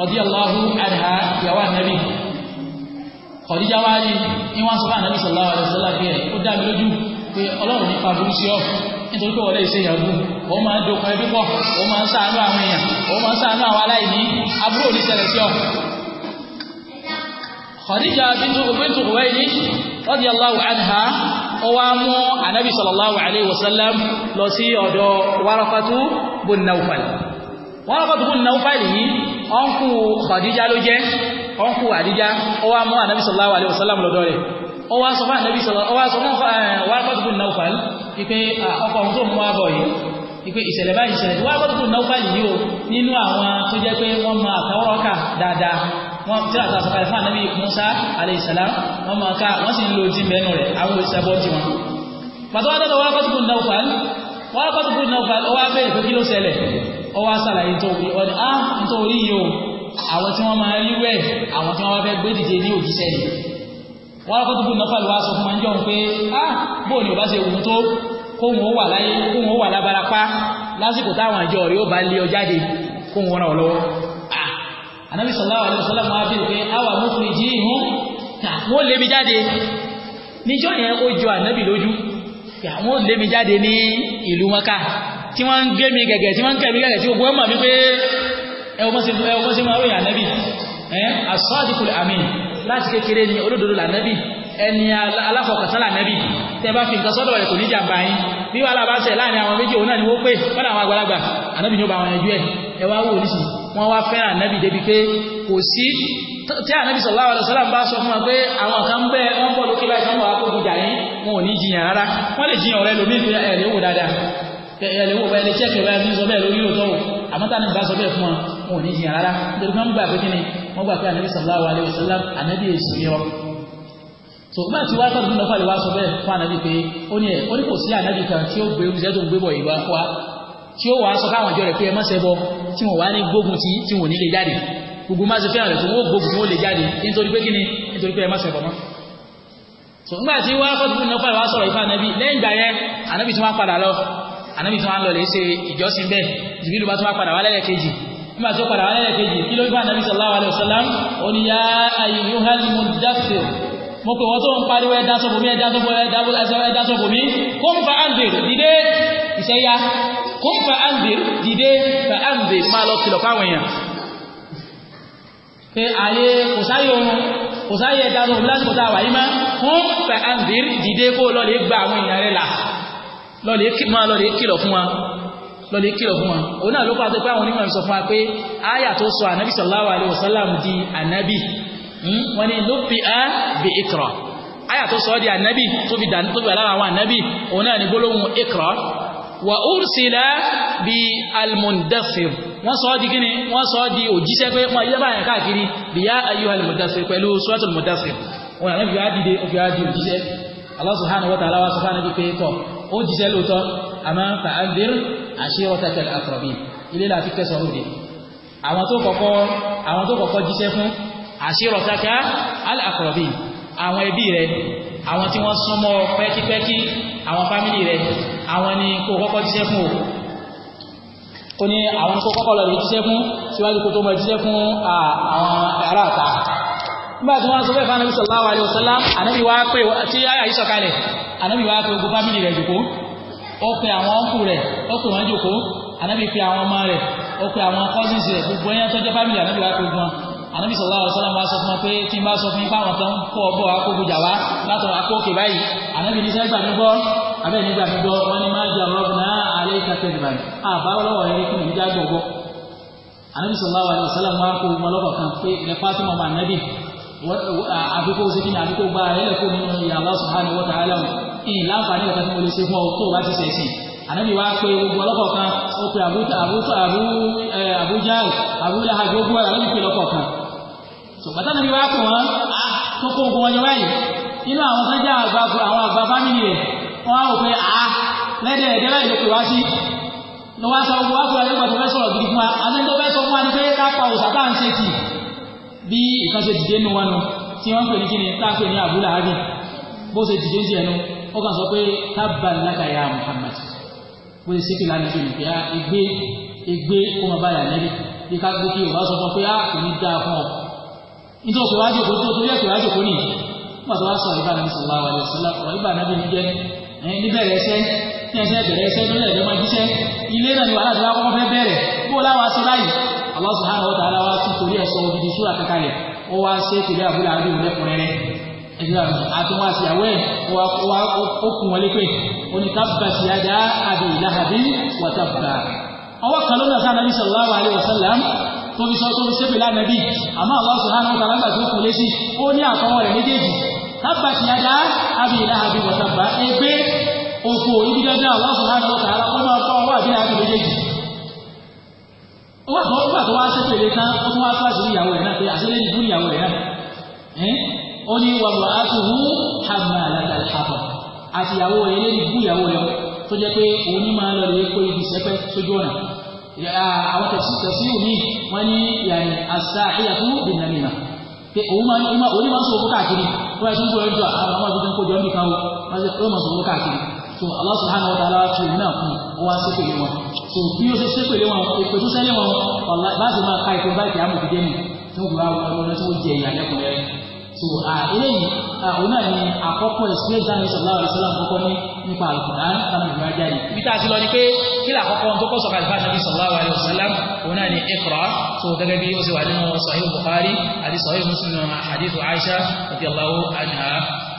radiyallahu anha ìyàwó ànábì Khadija wá rí ní wọ́n sọ fún ànábì sallallahu alaihi wasallam bí Khadija bintu Khuwaylid radiyallahu anha ó wá mú anabi sallallahu alayhi wa sallam lọ sí ọ̀dọ̀ warakatu bun naufal warakatu bun naufal yìí ọ̀nkù khadija ló jẹ́ ọ̀nkù àdíjá ó wá mú anabi sallallahu alayhi wa sallam lọ́dọ̀ rẹ̀ ó wá sọ fún anabi sallallahu ó wá sọ fún warakatu bun naufal ipe ọkọ̀ ọ̀hún wọ́n tíra àti àfọkàlẹ̀ fún ànábì Musa aleyhisselam wọ́n máa ká wọ́n sì ń lo jí mẹ́nu rẹ̀ àwọn òṣìṣẹ́ bọ́ jí wọn. pàtó wá dọ́dọ̀ wákàtí kùn náà fà ah nítorí yìí o àwọn tí wọ́n máa rí wẹ̀ àwọn tí wọ́n wá fẹ́ gbé dìde ní òjíṣẹ́ ah bóò ni ò bá ṣe wù tó kóhun ó wà láyé kóhun ó wà lábarapá lásìkò anabi sallallahu alaihi wasallam máa bèrè pé àwa mọ́tòrì jí ìhún wọ́n lé mi jáde níjọ́ yẹn ó jọ ànábì lójú wọ́n lé mi jáde ní ìlú mọ́ká tí wọ́n ń gé mi gẹ̀gẹ̀ tí wọ́n ń kẹ́ mi gẹ̀gẹ̀ tí gbogbo ẹ̀ mọ̀ mi pé ẹ wọ́n ṣe ẹ wọ́n ṣe máa ròyìn ànábì ẹ as-sadiqul amin láti kékeré ni olódodo lànábì ẹni aláfọkàtà lànábì tẹ bá fi nǹkan sọ́dọ̀ rẹ̀ kò ní jàǹbá yín bí wàhálà bá ṣẹ̀ láàrin àwọn méjì òun náà ni wọ́n pè fọ́nà àwọn àgbàlagbà ànábì bá wọn yanjú ẹ̀ ẹ wá wò nísìnyí wọ́n wá fẹ́ràn ànábì débi pé kò sí tí ànábì sallallahu alaihi wasallam bá sọ fún wa pé àwọn kan ń bẹ́ wọ́n pọ̀ lókè báyìí sanwó akókò jà yín wọn ò ní jiyàn rárá wọ́n lè jiyàn ọ̀rẹ́ lómi ìpínlẹ̀ ẹ̀rẹ́ wò dáadáa ẹ̀rẹ́ wò bẹ́ẹ̀ lè check ẹ̀rẹ́ àti sọ bẹ́ẹ̀ lórí òótọ́ wò àmọ́ tá ànábì bá sọ bẹ́ẹ̀ fún wọn wọn ò ní jiyàn rárá nítorí wọ́n gbà pé kí ni wọ́n gbà pé ànábì sallallahu alaihi wasallam ànábì èsù yọ so gbà tí wáyé tọ́jú lọ́kọ̀ lè wá sọ bẹ́ẹ̀ fún ànábì pé ó ní ẹ̀ ó ní kò sí ànábì kan tí ó gbé oúnjẹ tó ń gbé bọ̀ ìwà tí ó wàá sọ fáwọn ìjọ rẹ̀ pé ẹ má ṣẹbọ tí wọ́n wá ní gbógun tí tí wọ́n ní lè jáde gbogbo má ṣe fẹ́ràn rẹ̀ tó wọ́n gbógun tí wọ́n lè jáde nítorí pé kíni nítorí pé ẹ má ṣẹbọ mọ́. sọ nígbà tí wọ́n á fọ́ tuntun náà fà wá sọ̀rọ̀ ìfọ̀ ànábì lẹ́yìn ìgbà yẹn ànábì tí wọ́n á padà lọ ànábì tí wọ́n á lọ lè ṣe ìjọsìn bẹ́ẹ̀ jìbìlù bá tún wá padà wá lẹ́lẹ́kejì nígbà tí ó padà wá lẹ́lẹ́kejì kí ló bá ànábì sallallahu alaihi wasallam ó ní yá ayyuhal muddaththir mo pè wọ́n tó ń pariwo ẹ̀dá sọ̀bùnmí ẹ̀dá sọ̀bùnmí ẹ̀dá sọ̀bùnmí kó ń fa àǹdè dìde ìṣẹ́yà kún fa anzir dìde fa anzir máa lọ kìlọ̀ fáwọn èèyàn pé ààyè kò sáyé oorun kò sáyé ẹ̀dánù lásìkò tá a wà yí má kún fa anzir dìde kó lọ lè gba àwọn èèyàn rẹ là lọ lè máa lọ lè kìlọ̀ fún wa lọ lè kìlọ̀ fún wa òun náà ló pàtó pé àwọn onímọ̀ sọ fún wa pé àyà tó sọ ànábì sallallahu alaihi wasallam di ànábì hmm? wọ́n ní lópi á bí ikra àyà tó sọ ọ́ di ànábì tó fi dà wà úrsìlá bí almundasir wọ́n sọ di kíni wọ́n sọ di òjíṣẹ́ pé wọ́n yẹ́ báyàn káàkiri bí yá ayú almundasir pẹ̀lú sọ́tọ̀ almundasir wọ́n yàrá bí wá dìde ó fi wá di òjíṣẹ́ Allah subhanahu wa ta'ala sọ fún ànábì pé tọ̀ ó jíṣẹ́ lóòótọ́ àmọ́ fa'andir ashiratak al-aqrabin ilé láti kẹsàn òde àwọn tó kọ́kọ́ àwọn fún ashiratak al àwọn ni kò kọ́kọ́ jíṣẹ́ fún o ó ní àwọn kò kọ́kọ́ lọ lè jíṣẹ́ fún síwájú kó tó mọ jíṣẹ́ fún àwọn ará àta nígbà tí wọ́n sọ fẹ́ fanabi sallallahu alayhi wa sallam anabi wa pé tí ayé sọ̀kalẹ̀ anabi wa pé ogun fámìlì rẹ̀ jòkó ó pe àwọn ọkù rẹ̀ ó pe wọn jòkó anabi pe àwọn ọmọ rẹ̀ ó pe àwọn cousins rẹ̀ gbogbo ẹ̀yán tó jẹ́ fámìlì anabi pé gbọ́n ànábì sallallahu alaihi wasallam sọ fún wa pé tí n bá sọ fún ipá àwọn tó ń kọ́ ọbọ̀ akókòjà wa látọ̀rọ̀ akókè báyìí ànábì ní sẹ́gbà mi gbọ́ abẹ́ nígbà mi gbọ́ wọ́n ní má jà rọ́ọ̀bù náà alẹ́ ìkàtẹ́ ìbàdàn àbáwọ́lọ́wọ́ rẹ̀ kí nìyí jágbọ̀ gbọ́ ànábì sallallahu alaihi wasallam máa kó wọn lọ́kọ̀ kan pé ilẹ̀ Fátímà ọmọ ànábì àbíkó ṣe kí ni àbíkó gba ayẹlẹ kó nínú ìyá Allah subhanahu wa ta'ala ìyìn láǹfààní ọ̀kan tí mo lè ṣe fún ọ tó o bá ti ṣẹ̀sìn ànábì wa pé gbogbo ọlọ́kọ̀ kan ó pe àbújá àbúlá àgbógbó ànábì pé lọ́kọ̀ kan ṣùgbọ́n tánàbí wá pè wọ́n á ah, tó kó ogun wọn jẹ báyìí nínú àwọn tó jẹ́ àgbà àwọn àgbà fámìlì rẹ̀ wọ́n á wò pé á ah, lẹ́dẹ̀ ẹ̀dẹ́ báyìí ló pè wá sí ló wá sọ gbogbo wákùnrin nígbà tó fẹ́ sọ̀rọ̀ gidi fún wa àtẹ́ni tó fẹ́ sọ fún wa ni pé ká pa òòsà tá à ń ṣe tì bí ìkan ṣe dìde nu wọn nu tí wọ́n pè ní kíni tá a pè ní àbúlà ábì bó ṣe dìde sí ẹnu ó kàn sọ pé tábàn lákàyà Muhammad bó ṣe síkì lánàá bíi nìkẹ́ ìgbé ìgbé kó máa bá yà bí ká gbé kí Yorùbá sọ fún ọ pé á ah, kò ní dáa fún ọ nítorí òṣèlú àjòkó tó torí ẹ̀sùn àjòkó nì wọ́n tó wá sọ ìbá nàbí sọ̀rọ̀ àwọn àlẹ́ sọ̀rọ̀ ọ̀rọ̀ ìbá nàbí ní jẹ́ níbẹ̀rẹ̀ ẹsẹ̀ ní ẹsẹ̀ bẹ̀rẹ̀ ẹsẹ̀ lórí ẹ̀jọ́ máa jíṣẹ́ ilé náà ni wàhálà tó wá kọ́kọ́ fẹ́ bẹ̀rẹ̀ bó láwa sí báyìí Allah subhanahu wa ta'ala wá tún torí ẹ̀sọ́ odidi súrà kankan rẹ̀ ó wá ṣe tìlẹ̀ àbúlé àbí òun lẹ́kùnrin rẹ̀ ẹ̀dùn àti wọn àti àwẹ̀ ó kún wọn lépè onítàbàtì àdá àbí ìlàhàbí wàtàbà ọwọ́ kan ló náà sá tó fi sọ tó fi sépè lánàbí àmọ́ Allah subhanahu wa ta'ala nígbà tó kù létí ó ní àtọwọ́ rẹ̀ méjèèjì lábà sí yàrá àbí ìlà àbí wọ̀tàbà ẹgbẹ́ òfò ibi dandan Allah subhanahu wa ta'ala ó máa tọ́ ọwọ́ àbí àbí méjèèjì. ó wà tó wà tó wá sépè lé tán ó tún wá tó àṣírí ìyàwó rẹ̀ náà pé àṣírí ìbú ìyàwó rẹ̀ náà ó ní wàhùn àtúhù hàmàlàkà àbọ̀ àtìyàwó àwọn tẹ̀sí tẹ̀sí omi wọ́n ní yàrá àṣà ìyàtú bìnnàmìnà pé òun máa ń òun máa ń sọ owó káàkiri wọ́n yẹ kí n kó ẹjọ́ àwọn ọmọ tuntun kó jọ ní kan wọ́n yẹ kó máa sọ owó káàkiri so Allah subhanahu wa ta'ala fi òun náà kún ó wá sépèlé wọn so bí ó ṣe sépèlé wọn èpè tó sẹ́lẹ̀ wọn bá sì máa ka ìpè báyìí kí á mọ̀ fi so uh, eléyìí uh, òun náà ni àkọ́kọ́ ìsúlẹ̀ ìdáhùn sallallahu alaihi wasallam kọ́kọ́ ní nípa Al-Qur'an láti ìlú ajáde. ibi tá a ti lọ ni pé kí làkọ́kọ́ ohun tó kọ́ sọ̀rọ̀ àlùfáà nàbí sallallahu alaihi wasallam òun ni Iqra so gẹ́gẹ́ bí ó ṣe wà nínú Sahih Bukhari àti Sahih Muslim hadith Aisha radiyallahu anha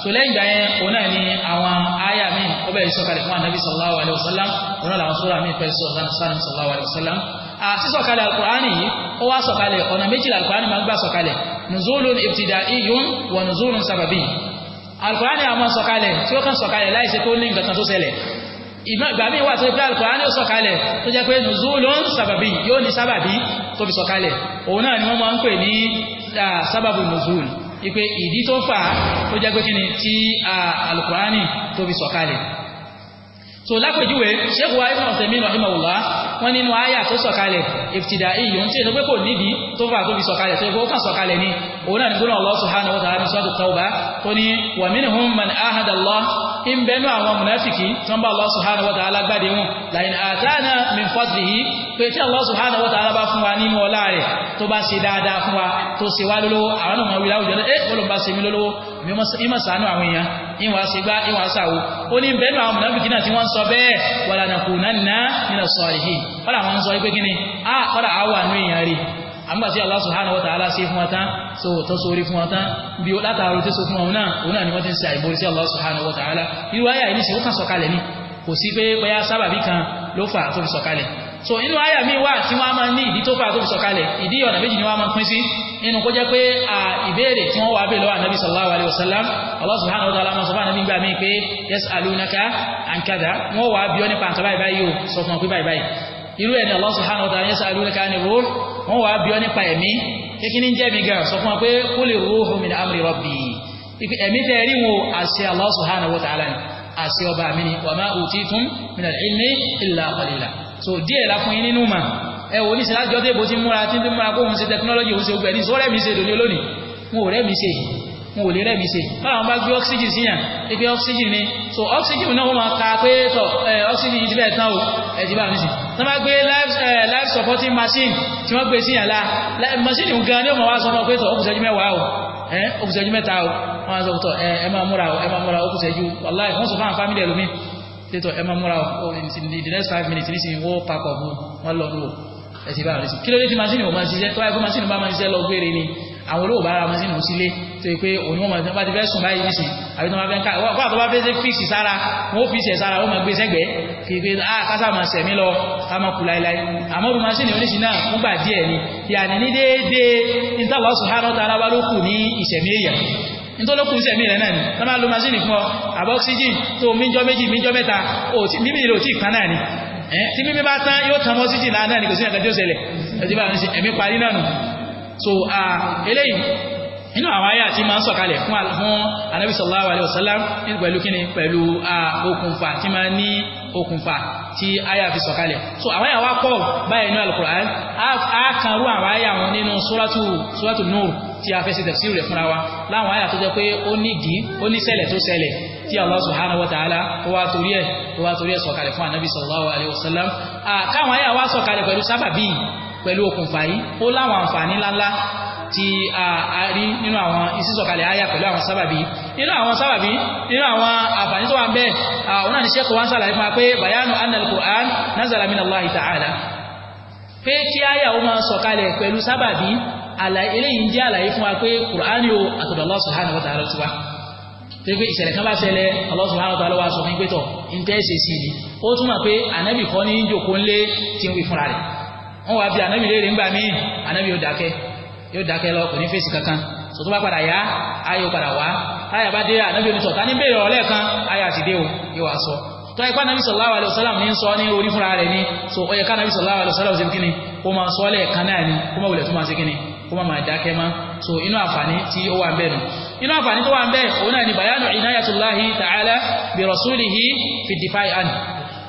so lẹ́yìn ìgbà yẹn òun náà ni àwọn aya mi ó bẹ̀rẹ̀ sọ̀kalẹ̀ fún ànábì sallallahu alaihi wasallam òun náà làwọn sura mi fẹ́ sọ̀rọ̀ sallallahu alaihi wasallam àtisọ̀kalẹ̀ alukur'ani yìí ó wá sọ̀kalẹ̀ ọ̀nà méjìlá alukur'ani máa ń gbà sọ̀kalẹ̀ nùzúlùn ibtidaiyun wà nùzúlùn sábàbí alukur'ani àwọn sọ̀kalẹ̀ tí ó kàn sọ̀kalẹ̀ láìsí tó ní nǹkan tó ṣẹlẹ̀ ìgbà míì wà tó pé alukur'ani ó sọ̀kalẹ̀ tó jẹ́ pé nùzúlùn sábàbí yóò ní sábàbí ni wọ́n máa ipe ìdí tó fà á tó jẹ́ pé so lápèjúwe ṣéèkù wa ibùdó ọ̀sẹ̀ mìíràn ìmọ̀wùlá wọn nínú àyà tó sọ̀kalẹ̀ ìfìdá iyì ohun tí èso pé kò nídìí tó fà tó fi sọ̀kalẹ̀ tó yẹ kó kà sọ̀kalẹ̀ ni òun náà ní gbóná Allah subhanahu wa ta'ala ní sọ́dọ̀ tọ́wọ́bá tó ní wa minhum man ahada Allah ń bẹnu àwọn Allah subhanahu wa ta'ala gbàdéhùn la'in atana min fadlihi pé tí Allah subhanahu wa ta'ala bá fún wa nínú ọlá rẹ̀ tó bá ṣe dáadáa fún wa tó ṣe wá lólówó àwọn náà máa wí láwùjọ náà ẹ eh, bọ́lọ̀ bá ṣe mí lólówó ìmọ̀ sànú àwọn èèyàn ìwà ṣe gbá ìwà ṣàwò ó ní bẹ́ẹ̀ náà àwọn mùnàfíkì náà tí wọ́n ń sọ bẹ́ẹ̀ wàlà nàkù nánà nínà sọ̀rìhì wọ́n àwọn ń sọ pé kíni ah, a kọ́dà àwọn àánú èèyàn rí àmúgbà tí Allah subhanahu wa ta'ala ṣe fún wa tán so tó so orí fún wa tán bí ní ṣe ó so inú àyà mi wà tí wọ́n máa ní ìdí tó fà tó fi sọ̀kalẹ̀ ìdí ọ̀nà méjì ni wọ́n máa pín sí inú kó jẹ́ pé ìbéèrè tí wọ́n wà bèèrè lọ́wọ́ ànábì sallallahu alaihi wasallam Allah subhanahu wa ta'ala máa sọ fún ànábì gbà mí pé yas'alunaka an kadha wọ́n wà bí ọ nípa nǹkan báyìí báyìí o sọ fún ọ pé báyìí báyìí irú ẹ̀ ni Allah subhanahu wa ta'ala yas'alunaka anir ruh wọ́n wà bí ọ nípa ẹ̀mí kíkíní jẹ́ mi gan sọ fún ọ pé qulir ruhu min amri rabbi ẹ̀mí tẹ́ rí wọn àṣẹ Allah subhanahu wa ta'ala àṣẹ ọba mi ni wa ma utitum min ilmi illa qalila so díẹ̀ la fún yín nínú mà ẹ wò ní sinadjọ́ tó èbó ti múra tí ń múra kó òun ṣe tẹkinọ́lọ́jì òun ṣe gbẹ ní sọ rẹ́mi ṣe lónìí lónìí wọn ò rẹ́mi ṣe wọn ò lè rẹ́mi ṣe báwọn bá gbé oxygen síyàn ebi oxygen ni so oxygen náà wọ́n máa ka pé tọ oxygen yìí ti bẹ́ẹ̀ tán o ẹ ti bá mi sè wọ́n máa gbé life supporting machine tí wọ́n gbé síyàn la machine nǹkan ni wọ́n máa wá sọ fún ọ pé tọ òkùnṣẹ́jú mẹ́wàá o ẹ òkùnṣẹ́jú mẹ́ta o wọ́n máa sọ fún tọ ẹ máa múra o ẹ máa múra òkùnṣẹ́jú wàláì wọ́n sọ fún àwọn fámìlì ẹlòmíì pétọ̀ ẹ máa múra the next five minutes nísìnyí wọ́n papọ̀ mú wọ́n lọ lò ẹ̀sì bá rẹ̀ sí kí ló dé tí masínì wọ́n máa ṣiṣẹ́ tó wáyé pé masínì bá máa ṣiṣẹ́ lọ gbére ni àwọn olóòbá ara masínì ń sílé tó yẹ pé òun wọn máa ti fẹ́ sùn báyìí nísìn àbí tó máa fẹ́ ká wọ́n àtọ́ bá fẹ́ fíìsì sára wọ́n ó fíìsì ẹ̀ sára wọ́n máa gbé sẹ́gbẹ̀ẹ́ kì í pé a ah, kásá máa sẹ̀mí lọ ká máa kú láéláé àmọ́ bí masínì oníṣìí náà fún gbà díẹ̀ ni ìyàní ní déédéé ní táwọn sùn hánà tá a lábá ló kù ní ìṣẹ̀mí èèyàn ntọ́lọ́kùn sẹ̀mí rẹ̀ náà ni wọ́n máa lo masini fún ọ àbọ̀ oxygen tó míjọ méjì míjọ mẹ́ta mímí rẹ̀ ò tí ni tí mímí bá tán yóò tán mọ́ oxygen náà ni kò sí ẹ̀ka tí ó ṣẹlẹ̀ ẹ̀mí parí náà nù so eléyìí nínú àwọn ayé àti máa ń sọ̀kalẹ̀ fún anábì sallallahu alaihi wasallam pẹ̀lú kíni pẹ̀lú okùnfà tí máa ní okùnfà tí ayé fi sọ̀kalẹ̀ so àwọn ayé wa pọ̀ báyìí nínú alukur'an a kan rú àwọn ayé àwọn nínú suratu suratu nur tí a fẹ́ sí tafsiri rẹ̀ fúnra wa láwọn ayé àtọ́jọ́ pé ó ní dì ó ní ṣẹlẹ̀ tó ṣẹlẹ̀ tí Allah subhanahu wa ta'ala ó wá torí ẹ̀ ó wá torí ẹ̀ sọ̀kalẹ̀ fún anábì sallallahu alaihi wasallam káwọn ayé pẹ̀lú sábàbí pẹ̀lú okùnfà yìí ó láwọn àǹfààní ńláńlá tí a rí nínú àwọn ìsísọ̀kalẹ̀ ayà pẹ̀lú àwọn sábàbí nínú àwọn sábàbí nínú àwọn àǹfààní tó wà ń bẹ àwọn náà ni sẹ́kọ̀ọ́ wá ń sàlàyé fún wa pé bayanu anna al-Qur'an nazala min Allah ta'ala pé kí ayà ta'ala ti wá pé pé ìṣẹ̀lẹ̀ kan ta'ala wa sọ fún pé tọ̀ ń tẹ́ ṣe sí ni ó túmọ̀ pé ànábì kọ́ ní ń wí míì ànábì ó dákẹ́ yóò dákẹ́ lọ kò ní fèsì kankan sọtọ́ bá padà yá ayò padà wá táyà bá dé ànábì onítọ̀ ta ní bèrè ọ̀rẹ́ kan ayà sì o yóò wá sọ tọ́ ipá nàbí sallallahu alaihi wasallam ní sọ ní orí fúnra rẹ̀ ni so ó yẹ ká nàbí sallallahu alaihi wasallam ṣe kíni kó máa sọ lẹ́ẹ̀kan náà ni kó máa wulẹ̀ tó máa ṣe kíni kó máa máa dákẹ́ mọ́ so inú àǹfààní tí ó wà ń bẹ nù inú àǹfààní tó wà ń bẹ òun náà ni bayanu inayatullahi ta'ala bi rasulihi fi difa'i anhu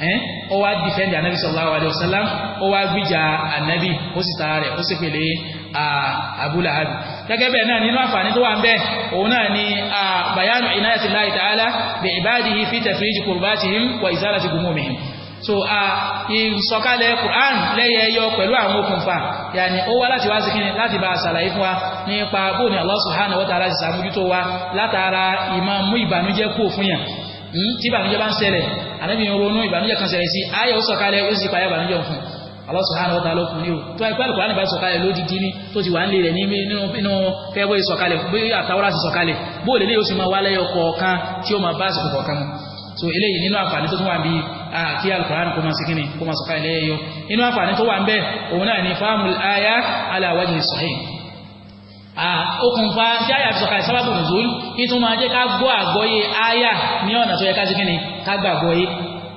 ẹ́n ó wá dìfẹ́ndì ànábì sallallahu alaihi wasallam ó wá gbìjà ànábì ó sì tara rẹ̀ ó sì pèlè Abu Lahab gẹ́gẹ́ bẹ́ẹ̀ náà nínú àǹfààní tó wà ń bẹ òun náà ni bayanu inayati Allahi ta'ala bi ibadihi fi tafriji kurbatihim wa izalati gumumihim so ìsọ̀kalẹ̀ Qur'an lẹ́yẹ ẹyọ pẹ̀lú àwọn okùnfà yàní ó wá láti wá sí kíni láti bá àṣàlàyé fún wa nípa bóòní Allah subhanahu wa ta'ala ti sàmójútó wa látara ìmọ̀ mú ìbànújẹ́ kú òfin yàn Hmm? tí ìbànújẹ́ bá ń ṣẹlẹ̀ ànábì ń ronú ìbànújẹ́ kan ṣẹlẹ̀ sí ayé ó sọ̀kalẹ̀ ó sì payá ìbànújẹ́ fún Allah subhanahu wa ta'ala lókun ní o tó ẹgbẹ́ àlùkò ànìbá sọ̀kalẹ̀ lódìdí ní tó ti wà ń lè rẹ̀ nínú kẹ́wọ́ ìsọ̀kalẹ̀ bí àtàwọ́rà ti sọ̀kalẹ̀ bóòlù eléyìí ó sì máa wálẹ̀ ọkọ̀ọ̀kan tí ó máa bá àsìkò kọ̀ọ̀kan mu so eléyìí nínú àǹfààní tó tún wà bí kí alukur'an kó máa sí kíni kó máa sọ̀kalẹ̀ lẹ́yẹ yọ nínú àǹfààní tó wà ń bẹ́ẹ̀ òun náà ni fáàmù àyà ala wajhi sahih okùnfà tí àyà fi sọ̀kalẹ̀ sábàbù nùzúl ìtún máa jẹ́ ká gbọ́ àgbọ́yé àyà ní ọ̀nà tó yẹ ká sí kí ni ká gbàgbọ́yé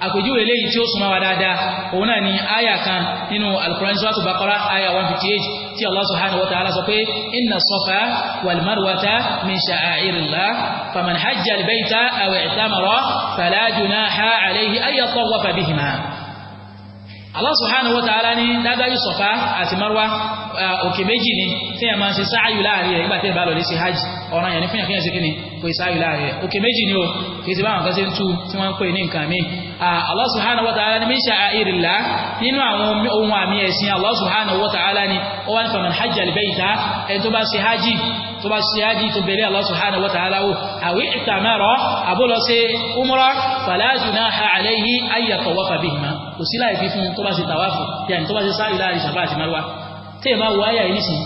àpèjúwe eléyìí tí ó súnmọ́ wa dáadáa òun náà ni àyà kan nínú alukuran sọ́tù bakara àyà one fifty eight tí allah subhanahu wa ta'ala sọ pé inna safa wal marwata min sha'airillah faman hajja albayta aw i'tamara fala junaha alayhi ay yatawafa bihima. Allah subhanahu wa ta'ala ní dágájú sọ̀fá àti marwa òkè méjì ni tí a máa ń ṣe sáàyù láàrin rẹ̀ nígbàtí ìbá lọ lè ṣe hajj ọ̀ràn yẹn ní fún yàkíyàn sí kíni kò ì sáàyù láàrin rẹ̀ òkè méjì ni o kì í sì báwọn kan ṣe ń tú tí wọ́n ń pè ní nǹkan mi Allah subhanahu wa ní min sha'airillah nínú àwọn ohun àmì ẹ̀sìn Allah subhanahu wa ní ó wá ní faman hajjal bayta ẹni tó bá ṣe hajj tó bá ṣe ájì tó bẹ̀rẹ̀ Allah subhanahu wa ta'ala wò àwí ìtàmẹ́rọ àbólọ́sẹ̀ umra fala junaha alayhi an yatawafa bihima kò sí láì fi fún tó bá ṣe tàwáfù yàní tó bá ṣe sáyù láàrin Safa àti Marwa tẹ́ ẹ̀ bá wọ ayà yìí nísìn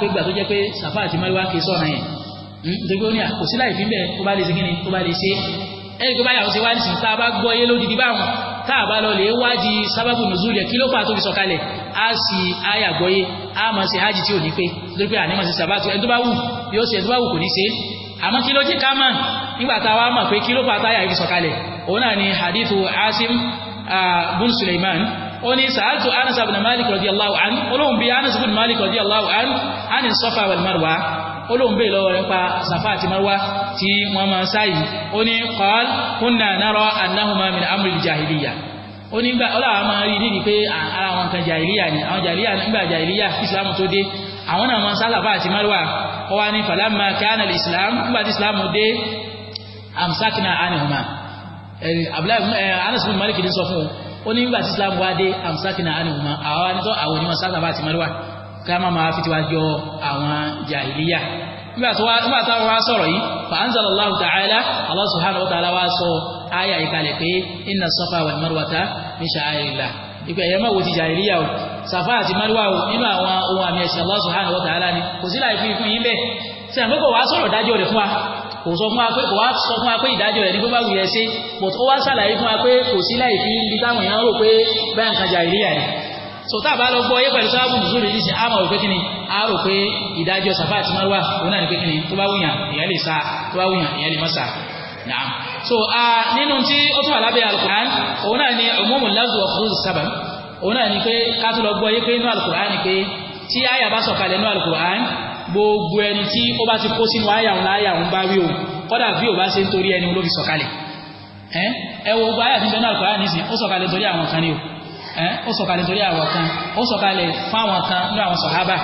pé gbà tó jẹ́ pé Safa àti Marwa kì í sọ̀rọ̀ yẹn hmm, nítorí ó ní àkòsí láì fi bẹ́ẹ̀ tó bá lè ṣe kí ni tó bá lè ṣe ẹ̀rí táàbá lọ lè wádìí sábàbù nùzúlù kí ló fà tó fi sọ̀kalẹ̀ á sì áyà gbọ́yé á máa ṣe hajj tí ò ní pé nítorí pé àní máa ṣe sàbátù ẹni tó bá wù yóò ṣe ẹni tó bá wù kò ní ṣe àmọ́ kí ló jẹ́ ká mọ̀ nígbà tá a wá mọ̀ pé kí ló fà táyà fi sọ̀kalẹ̀ òun náà ni hadithu asim bun suleiman ó ní sàátù anas ibn malik radiyallahu an olóhùn bíi anas ibn malik radiyallahu an anis safa wal marwa ó lóun bèèrè lọ́wọ́ nípa Safa àti Marwa tí wọ́n máa ń sáyì ó ní qal kunna nara annahuma min amri jahiliya ó ní gbà ọlọ́wà máa rí nídìí pé ara àwọn kan jahiliya ni àwọn jahiliya nígbà jahiliya Islam tó dé àwọn náà máa ń sá Safa àti Marwa ó wá ní falamma kana islam nígbà tí Islam dé amsakna anihuma eh, Anas bin Malik ní sọ fún ó ní nígbà tí Islam wá dé amsakna anihuma àwọn àwọn onímọ̀ sá Safa àti Marwa ká má máa fi tiwa jọ àwọn jàhìlíyà nígbà tó wá sọ̀rọ̀ yìí fa anzalallahu ta'ala Allah subhanahu wa ta'ala wá sọ ayà ìkalẹ̀ pé inna safa wal marwata min sha'airillah ìpè ẹ̀yẹ́ máa wo ti jàhìlíyà o safa àti marwa o nínú àwọn ohun àmì ẹ̀sìn Allah subhanahu wa ta'ala ni kò sí láì fi fún yín bẹ́ẹ̀ tí kò sọ fún wa kò wá sọ fún wa ìdájọ́ rẹ̀ ní bó bá wù yẹ ṣe fún wa kò sí láì fi ibi táwọn èèyàn pé báyà ń kan so tá a bá lọ gbọ́ yẹ pẹ̀lú sábàbù nùsùlù yìí ṣe á máa rò pé kíni á rò pé ìdájọ́ sàfà àti márùwà òun náà ní pé kíni tó bá wùyàn èèyàn lè sa tó bá wùyàn èèyàn lè má sa so nínú tí ó tún wà lábẹ́ alukur'an òun náà ni umumu lazu wa khuruzu sabab òun náà ni pé ká tó lọ gbọ́ yẹ pé inú alukur'an ni pé tí àyà bá sọ̀kalẹ̀ inú alukur'an gbogbo ẹni tí ó bá ti kó sínú àyà òun láyà òun bá rí òun kọ́dà bí ò bá ṣe ń torí ẹni olóbi ẹ wo gbogbo àyà tí ń bẹ inú alukur'an nísìnyí ó sọ̀kalẹ̀ torí àwọn kan ní o ó sọ̀kalẹ̀ torí àwọn kan ó sọ̀kalẹ̀ fáwọn kan ní àwọn sọ̀hábà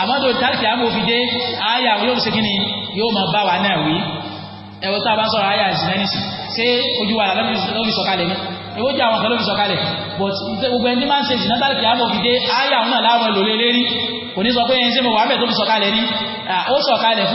àmọ́ tó tàkì àmófidé ayé àwọn yóò ṣe kí ni yóò máa bá wa náà wí ẹ̀wọ́ tá a bá sọ̀rọ̀ ayé àìsàn ẹni ojú wa ló sọ̀kalẹ̀ ni èwo àwọn kan ló sọ̀kalẹ̀ but gbogbo ẹni máa ń ṣe ìsìnà tàkì àmófidé ayé àwọn náà láwọn èlò lélẹ́rí kò ní sọ pé ẹni ṣe mo wà bẹ̀ ni ó sọ̀kalẹ̀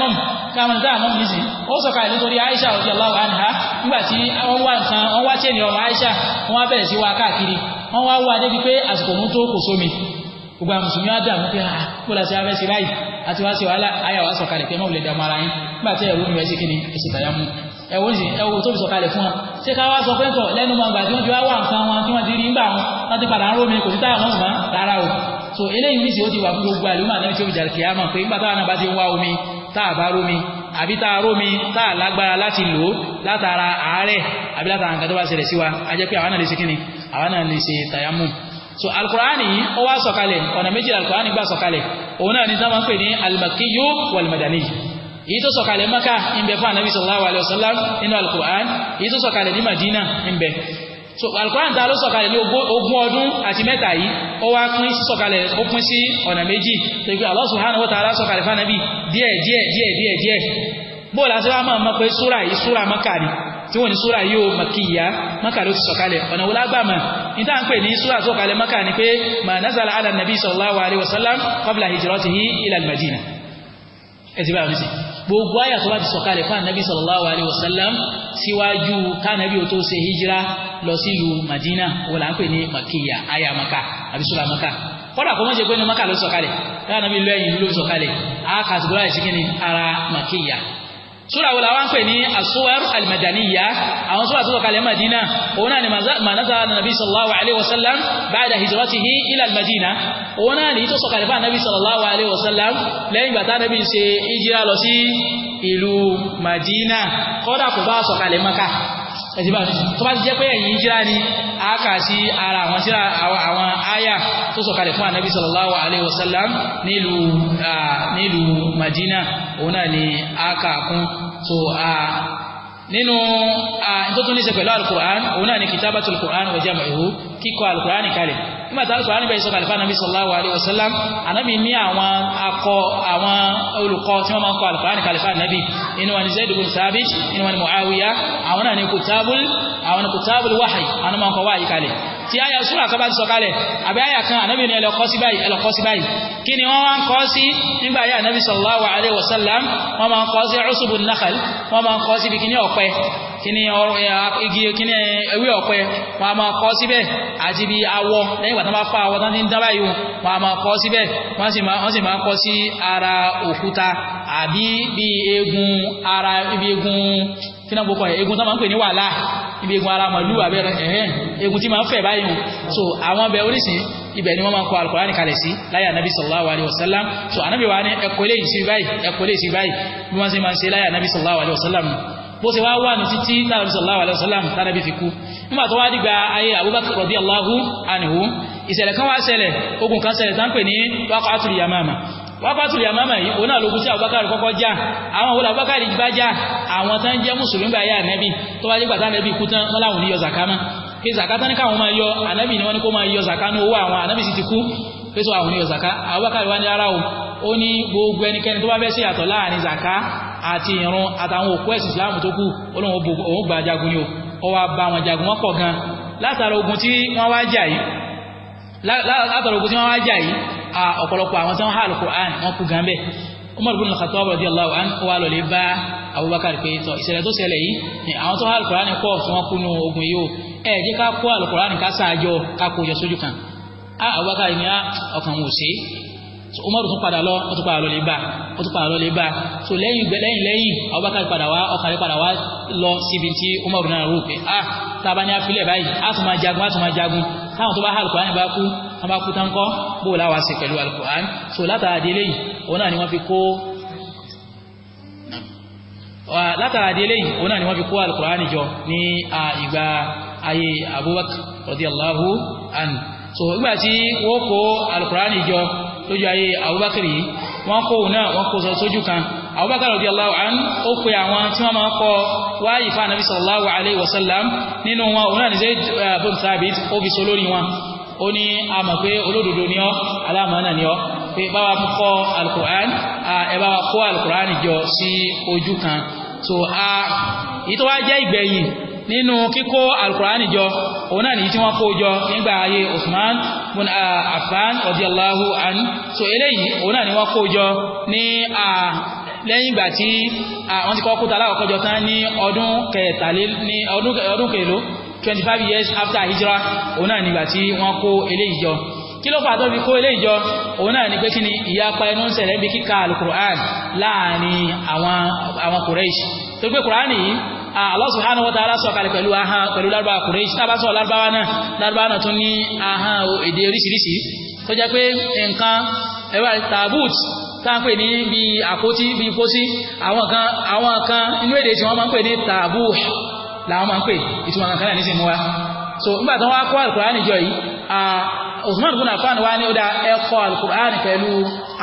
fún a náà nìsí ó sọ̀ka ìlú torí aisha radiyallahu anha nígbàtí wọ́n wá nǹkan wọ́n wá chain ọrùn aisha wọ́n wá bẹ̀rẹ̀ sí wa káàkiri wọ́n wá wá débi pé àsìkò mú tó kò sómi gbogbo àwọn á dààmú pé ah kó lásì abẹ́ sí báyìí àti wá sí wàhálà pé ara yín nígbà ẹ̀rú ni ẹ̀sìn kìíní ẹ̀sìn tàyà mú ní ẹ̀wọ́ tó fi sọ pé lẹ́nu tí wọ́n wà nǹkan wọn o so eléyìí ní táà bá rómi àbí táà rómi táà lágbára láti lò látara àárẹ̀ àbí látara nǹkan tó bá ṣẹlẹ̀ sí wa a jẹ́ pé àwa náà lè ṣe kíni àwa náà lè ṣe tayammum so alukur'ani yìí ó wá sọ̀kalẹ̀ ọ̀nà méjì alukur'ani gbà sọ̀kalẹ̀ òun náà ní sábà ń pè ní alimakiyo walimadani èyí tó sọ̀kalẹ̀ maka ń bẹ fún anabi sallallahu alayhi wa sallam nínú alukur'an èyí tó sọ̀kalẹ̀ ní madina ń so alukoran ta ló sọ̀kalẹ̀ ní ogún ọdún àti mẹ́ta yìí ó wá pín sọ̀kalẹ̀ ó pín sí ọ̀nà méjì tó yẹ pé Allah subhanahu wa ta'ala sọ̀kalẹ̀ fanabi díẹ̀ díẹ̀ díẹ̀ díẹ̀ díẹ̀ bóòlù àti wàá máa ma pé súra yìí súra makari tí wọ́n ní súra yìí ó makiya makari ó ti sọ̀kalẹ̀ ọ̀nà wọlé agbàmọ̀ níta ń pè ní súra sọ̀kalẹ̀ makari pé ma nazala ala nabi sallallahu alayhi wa sallam qabla hijratihi ila ẹ̀tí bá rí sí gbogbo àyà tó bá ti sọ̀kalẹ̀ fún ànábì sallallahu alaihi wasallam síwájú kánábì ò tó ṣe hijira lọ sí ìlú madina wọ́n là ń pè ní makiya àyà maka àbí sura maka kọ́dà kọ́ mọ́jẹ́ pé ní maka ló sọ̀kalẹ̀ kánábì lọ ló sọ̀kalẹ̀ a kàtìgọ́rà ìsìnkí ni ara makiya súra wo la wá ń pè ní asuwar almadaniya àwọn súra tó sọ kalẹ̀ madina òun náà ni manasa nabi sallallahu alaihi wasallam báyìí hijiratihi ila almadina òun náà ni tó sọ kalẹ̀ fún nabi sallallahu alaihi wasallam lẹ́yìn gbàtà nabi ṣe hijira lọ sí ìlú madina kódà kò bá sọ kalẹ̀ maka ẹ̀sìnbà tó bá ti jẹ́ pé ẹ̀yìn jíra ni a kà sí ara àwọn síra àwọn àyà tó sọ̀kalẹ̀ fún ànábì sallallahu alaihi wasallam nílùú nílùú Madina òun náà ni a kà kún so nínú tó tún ní ṣe pẹ̀lú al-Qur'an òun náà ni kitabatul Qur'an wa jam'uhu kíkọ alukurani kalẹ̀ nígbà tí alukurani bẹ̀rẹ̀ sọ̀kalẹ̀ fún anabi sallallahu alayhi wa sallam anabi ní àwọn akọ àwọn olùkọ́ tí wọ́n máa ń kọ alukurani kalẹ̀ fún anabi inú wọn ni zayd bin sabit inú wọn ni muawiya àwọn náà ni kutabul àwọn ni kutabul wahyi àwọn máa ń kọ wahyi kalẹ̀ tí aya sura kan bá ti sọ̀kalẹ̀ àbí aya kan anabi ní ẹlọ́kọ́ sí báyìí ẹlọ́kọ́ sí báyìí kí ni wọ́n máa ń kọ́ sí nígbà ayé anabi sallallahu alayhi wa sallam wọ́n máa ń kọ́ sí usubu nakal wọ́n máa ń kọ́ sí bikini ọ̀pẹ kíní ọ̀rọ̀ igi kíní ewé ọ̀pẹ wọn a máa kọ́ síbẹ̀ àti bí awọ lẹ́yìn ìgbà tó bá fa awọ tó ń dábàá yìí wọn a máa kọ́ síbẹ̀ wọ́n sì máa kọ́ sí ara òkúta àbí bí egun ara ibi eegun kí náà gbogbo egun tó máa ń pè ní wàhálà ibi egun ara màlúù abẹ́rẹ́ ẹ̀hẹ́n egun tí máa ń fẹ̀ báyìí so àwọn ọbẹ̀ oríṣìí ibẹ̀ ni wọ́n máa ń kọ alukọ̀rán kalẹ̀ sí láyé anabi sallallahu alayhi wa so anabi wa ni ẹ̀kọ́ eléyìí sí báyìí ẹ̀kọ́ eléyìí sí báyìí bí wọ́n ṣe máa ń ṣe láyé anabi sallallahu alayhi wa sallam bó ṣe wá wà ní títí tánàbí sallallahu alaihi wasallam tánàbí fi kú nígbà tó wá dìgbà ayé abubakar radiyallahu anhu ìṣẹ̀lẹ̀ kan wá ṣẹlẹ̀ ogun kan ṣẹlẹ̀ tán pè ní waqatul yamama waqatul yamama yìí òun náà lógun tí abubakar kọ́kọ́ já àwọn òun abubakar bá já àwọn tán jẹ́ mùsùlùmí gbà yá ànẹ́bí tó wá dìgbà tánàbí kú tán wọn láwọn oníyọ zakama pé zaka tán ní ó ní gbogbo ẹnikẹ́ni tó bá fẹ́ ṣe yàtọ̀ láàrin zaka àti ìrun àtàwọn òkú ẹ̀sìn islam tó kù olóhùn òun gba jagun yìí ó wá bá wọn jagun wọn pọ̀ gan látara ogun tí wọ́n wá jà yìí látara ogun tí wọ́n wá jà yìí ọ̀pọ̀lọpọ̀ àwọn tí wọ́n há alukur'an wọ́n kú gan bẹ́ẹ̀ umar bin al ni àwọn tó há alukur'an pọ̀ tí wọ́n so umaru tún padà lọ ó tún padà lọ lè bá ó tún padà lọ lè bá so lẹ́yìn lẹ́yìn lẹ́yìn abubakar padà wá ọkàn padà wá lọ síbi tí umaru náà rò pé ah tába ní afilẹ̀ báyìí a tún máa jagun a tún máa jagun táwọn tó bá hàlùkọ́ àyìn kú wọ́n bá kú tán kọ́ bó o láwa ṣe pẹ̀lú Al-Qur'an so látara délé yìí òun náà ni wọ́n fi kó látara délé yìí òun náà ni wọ́n fi kó Al-Qur'an jọ ní ìgbà ayé abubakar radiyallahu anhu so nígbà tí wọ́n kó Al-Qur'an jọ lójú ayé Abubakar yìí wọ́n kó òun náà wọ́n kó sójú kan Abubakar radiyallahu anhu ó pe àwọn tí wọ́n máa kọ wáyé fún anabi sallallahu alayhi wa sallam nínú wọn òun náà ní Zaid eh, bin Thabit ó fi so lórí wọn ó ní a mọ̀ pé olódodo ni ọ́ aláàmánà ni ọ́ pé bá wa kọ́ alukur'an ẹ bá wa kó alukur'an jọ sí ojú kan so èyí tó wá jẹ́ ìgbẹ̀yìn nínú kíkó alukurani jọ òun náà nìyí tí wọ́n kó jọ nígbà ayé Usman bin Affan radiyallahu an so eléyìí òun náà ni wọ́n kó jọ ní lẹ́yìn ìgbà tí wọ́n ti kọ́ kó tala ọ̀kọ́jọ tán ní ọdún kẹtàlé ní twenty five years after hijra òun náà nígbà tí wọ́n kó eléyìí jọ kí ló fàá tó fi kó eléyìí jọ òun náà ni pé kí ni ìyapa ẹnu ń ṣẹlẹ̀ bí kíka alukur'an láàrin àwọn àwọn Quraysh torí pé Qur'an yìí Ah, Allah subhanahu wa ta'ala sọ̀kalẹ̀ pẹ̀lú ahán pẹ̀lú lárúbáwá Quraysh tábà sọ lárúbáwá náà lárúbáwá náà tún ní ahán èdè oríṣiríṣi tó jẹ́ pé nǹkan ẹ̀rọ tàbút táǹpè ní bí àpótí bí pósí àwọn kan àwọn kan inú èdè tí wọ́n máa ń pè ní tàbú làwọn máa ń pè ìtumọ̀ kankan náà wa so nígbà tí wọ́n wá kó Al-Qur'ani jọ yìí Uthman ibn Affan wá ní ó dá ẹ̀kọ́ al pẹ̀lú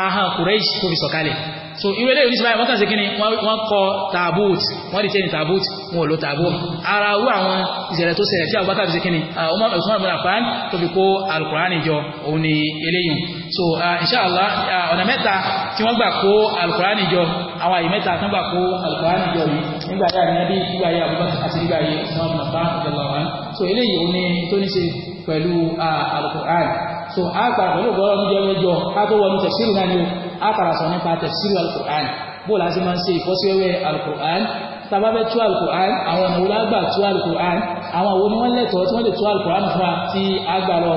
ahán Quraysh tó fi sọ̀kalẹ̀ so ìwé lè rí sí báyìí wọ́n kàn sí kíni wọ́n kọ taabut wọ́n dìtẹ́ ní taabut wọn ò lo taabo ara wú àwọn ìṣẹ̀lẹ̀ tó ṣẹlẹ̀ tí àwọn bákàtí sí kíni ọmọ ìṣúná ìmúra pan tó fi kó alukurani jọ òun ni eléyìí so ah, inṣàlá ah, ọ̀nà mẹ́ta tí wọ́n gbà kó alukurani jọ àwọn àyè mẹ́ta tí wọ́n gbà kó alukurani jọ yìí nígbà yà ní adé nígbà yà abubakar àti nígbà yà ìṣúná ìmúra pan so eléyìí òun ni tó ní ṣe pẹ̀lú ah, alukurani so a gbàgbà pẹ̀lú ọgọ́rọ̀ oúnjẹ mẹ́jọ ká tó wọnú tẹ̀síìrù náà ni o a kàrà sọ nípa tẹ̀síìrù alukur'an bó la ṣe máa ń ṣe ìfọ́síwẹ́wẹ́ alukur'an tàbá fẹ́ tú alukur'an àwọn ọ̀nà wọlé àgbà tú alukur'an àwọn àwọn oníwọ̀n lẹ́tọ̀ọ́ tí wọ́n lè tú alukur'an fún wa tí a gbà lọ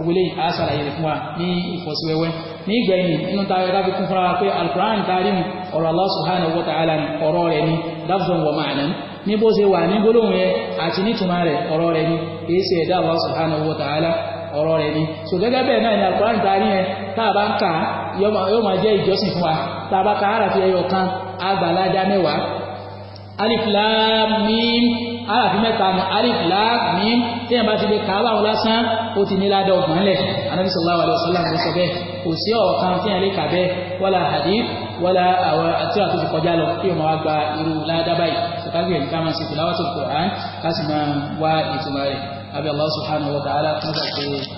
òwúlé àṣàlàyé fún wa ní ìfọ́síwẹ́wẹ́ ní ìgbẹ̀yìn inú ta ẹ̀rá fi kún wa pé alukur'an taari mu ọ̀rọ̀ Allah subhanahu wa ta'ala ni ọ̀rọ̀ rẹ̀ ni lafzan wa ma'nan ní bó ṣe wà ní gbólóhùn yẹn àti nítumá rẹ̀ ọ̀rọ̀ rẹ̀ ni kì í ṣe ẹ̀dá Allah subhanahu wa ọ̀rọ̀ rẹ̀ ni so gẹ́gẹ́ bẹ́ẹ̀ náà ni alukurani ta ní yẹn tá a bá ń kà yóò máa jẹ́ ìjọsìn fún wa tá a bá ka àràfi ẹyọ kan àgbàládá mẹ́wàá alif lam àràfi mẹ́ta ni alif téèyàn bá ti lè kà á báwọn lásán ó ti ní ládàá ọgbọ̀n lẹ̀ anabi sallallahu alayhi wa sallam ló sọ bẹ́ẹ̀ kò sí ọ̀kan téèyàn lè kà bẹ́ẹ̀ wàlà hadith wàlà àwọn àti àtúntò kọjá lọ kí òun wá gba irú ládàá báyìí sọ̀kágbé أبي الله سبحانه وتعالى قدر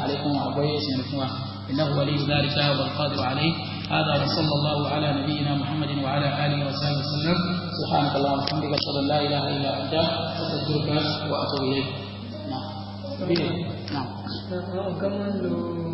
عليكم وعبيه سنكون إنه ولي ذلك والقادر عليه هذا صلى الله على نبينا محمد وعلى آله وصحبه وسلم سبحانك اللهم وبحمدك أشهد أن لا إله إلا أنت أستغفرك وأتوب إليك نعم نعم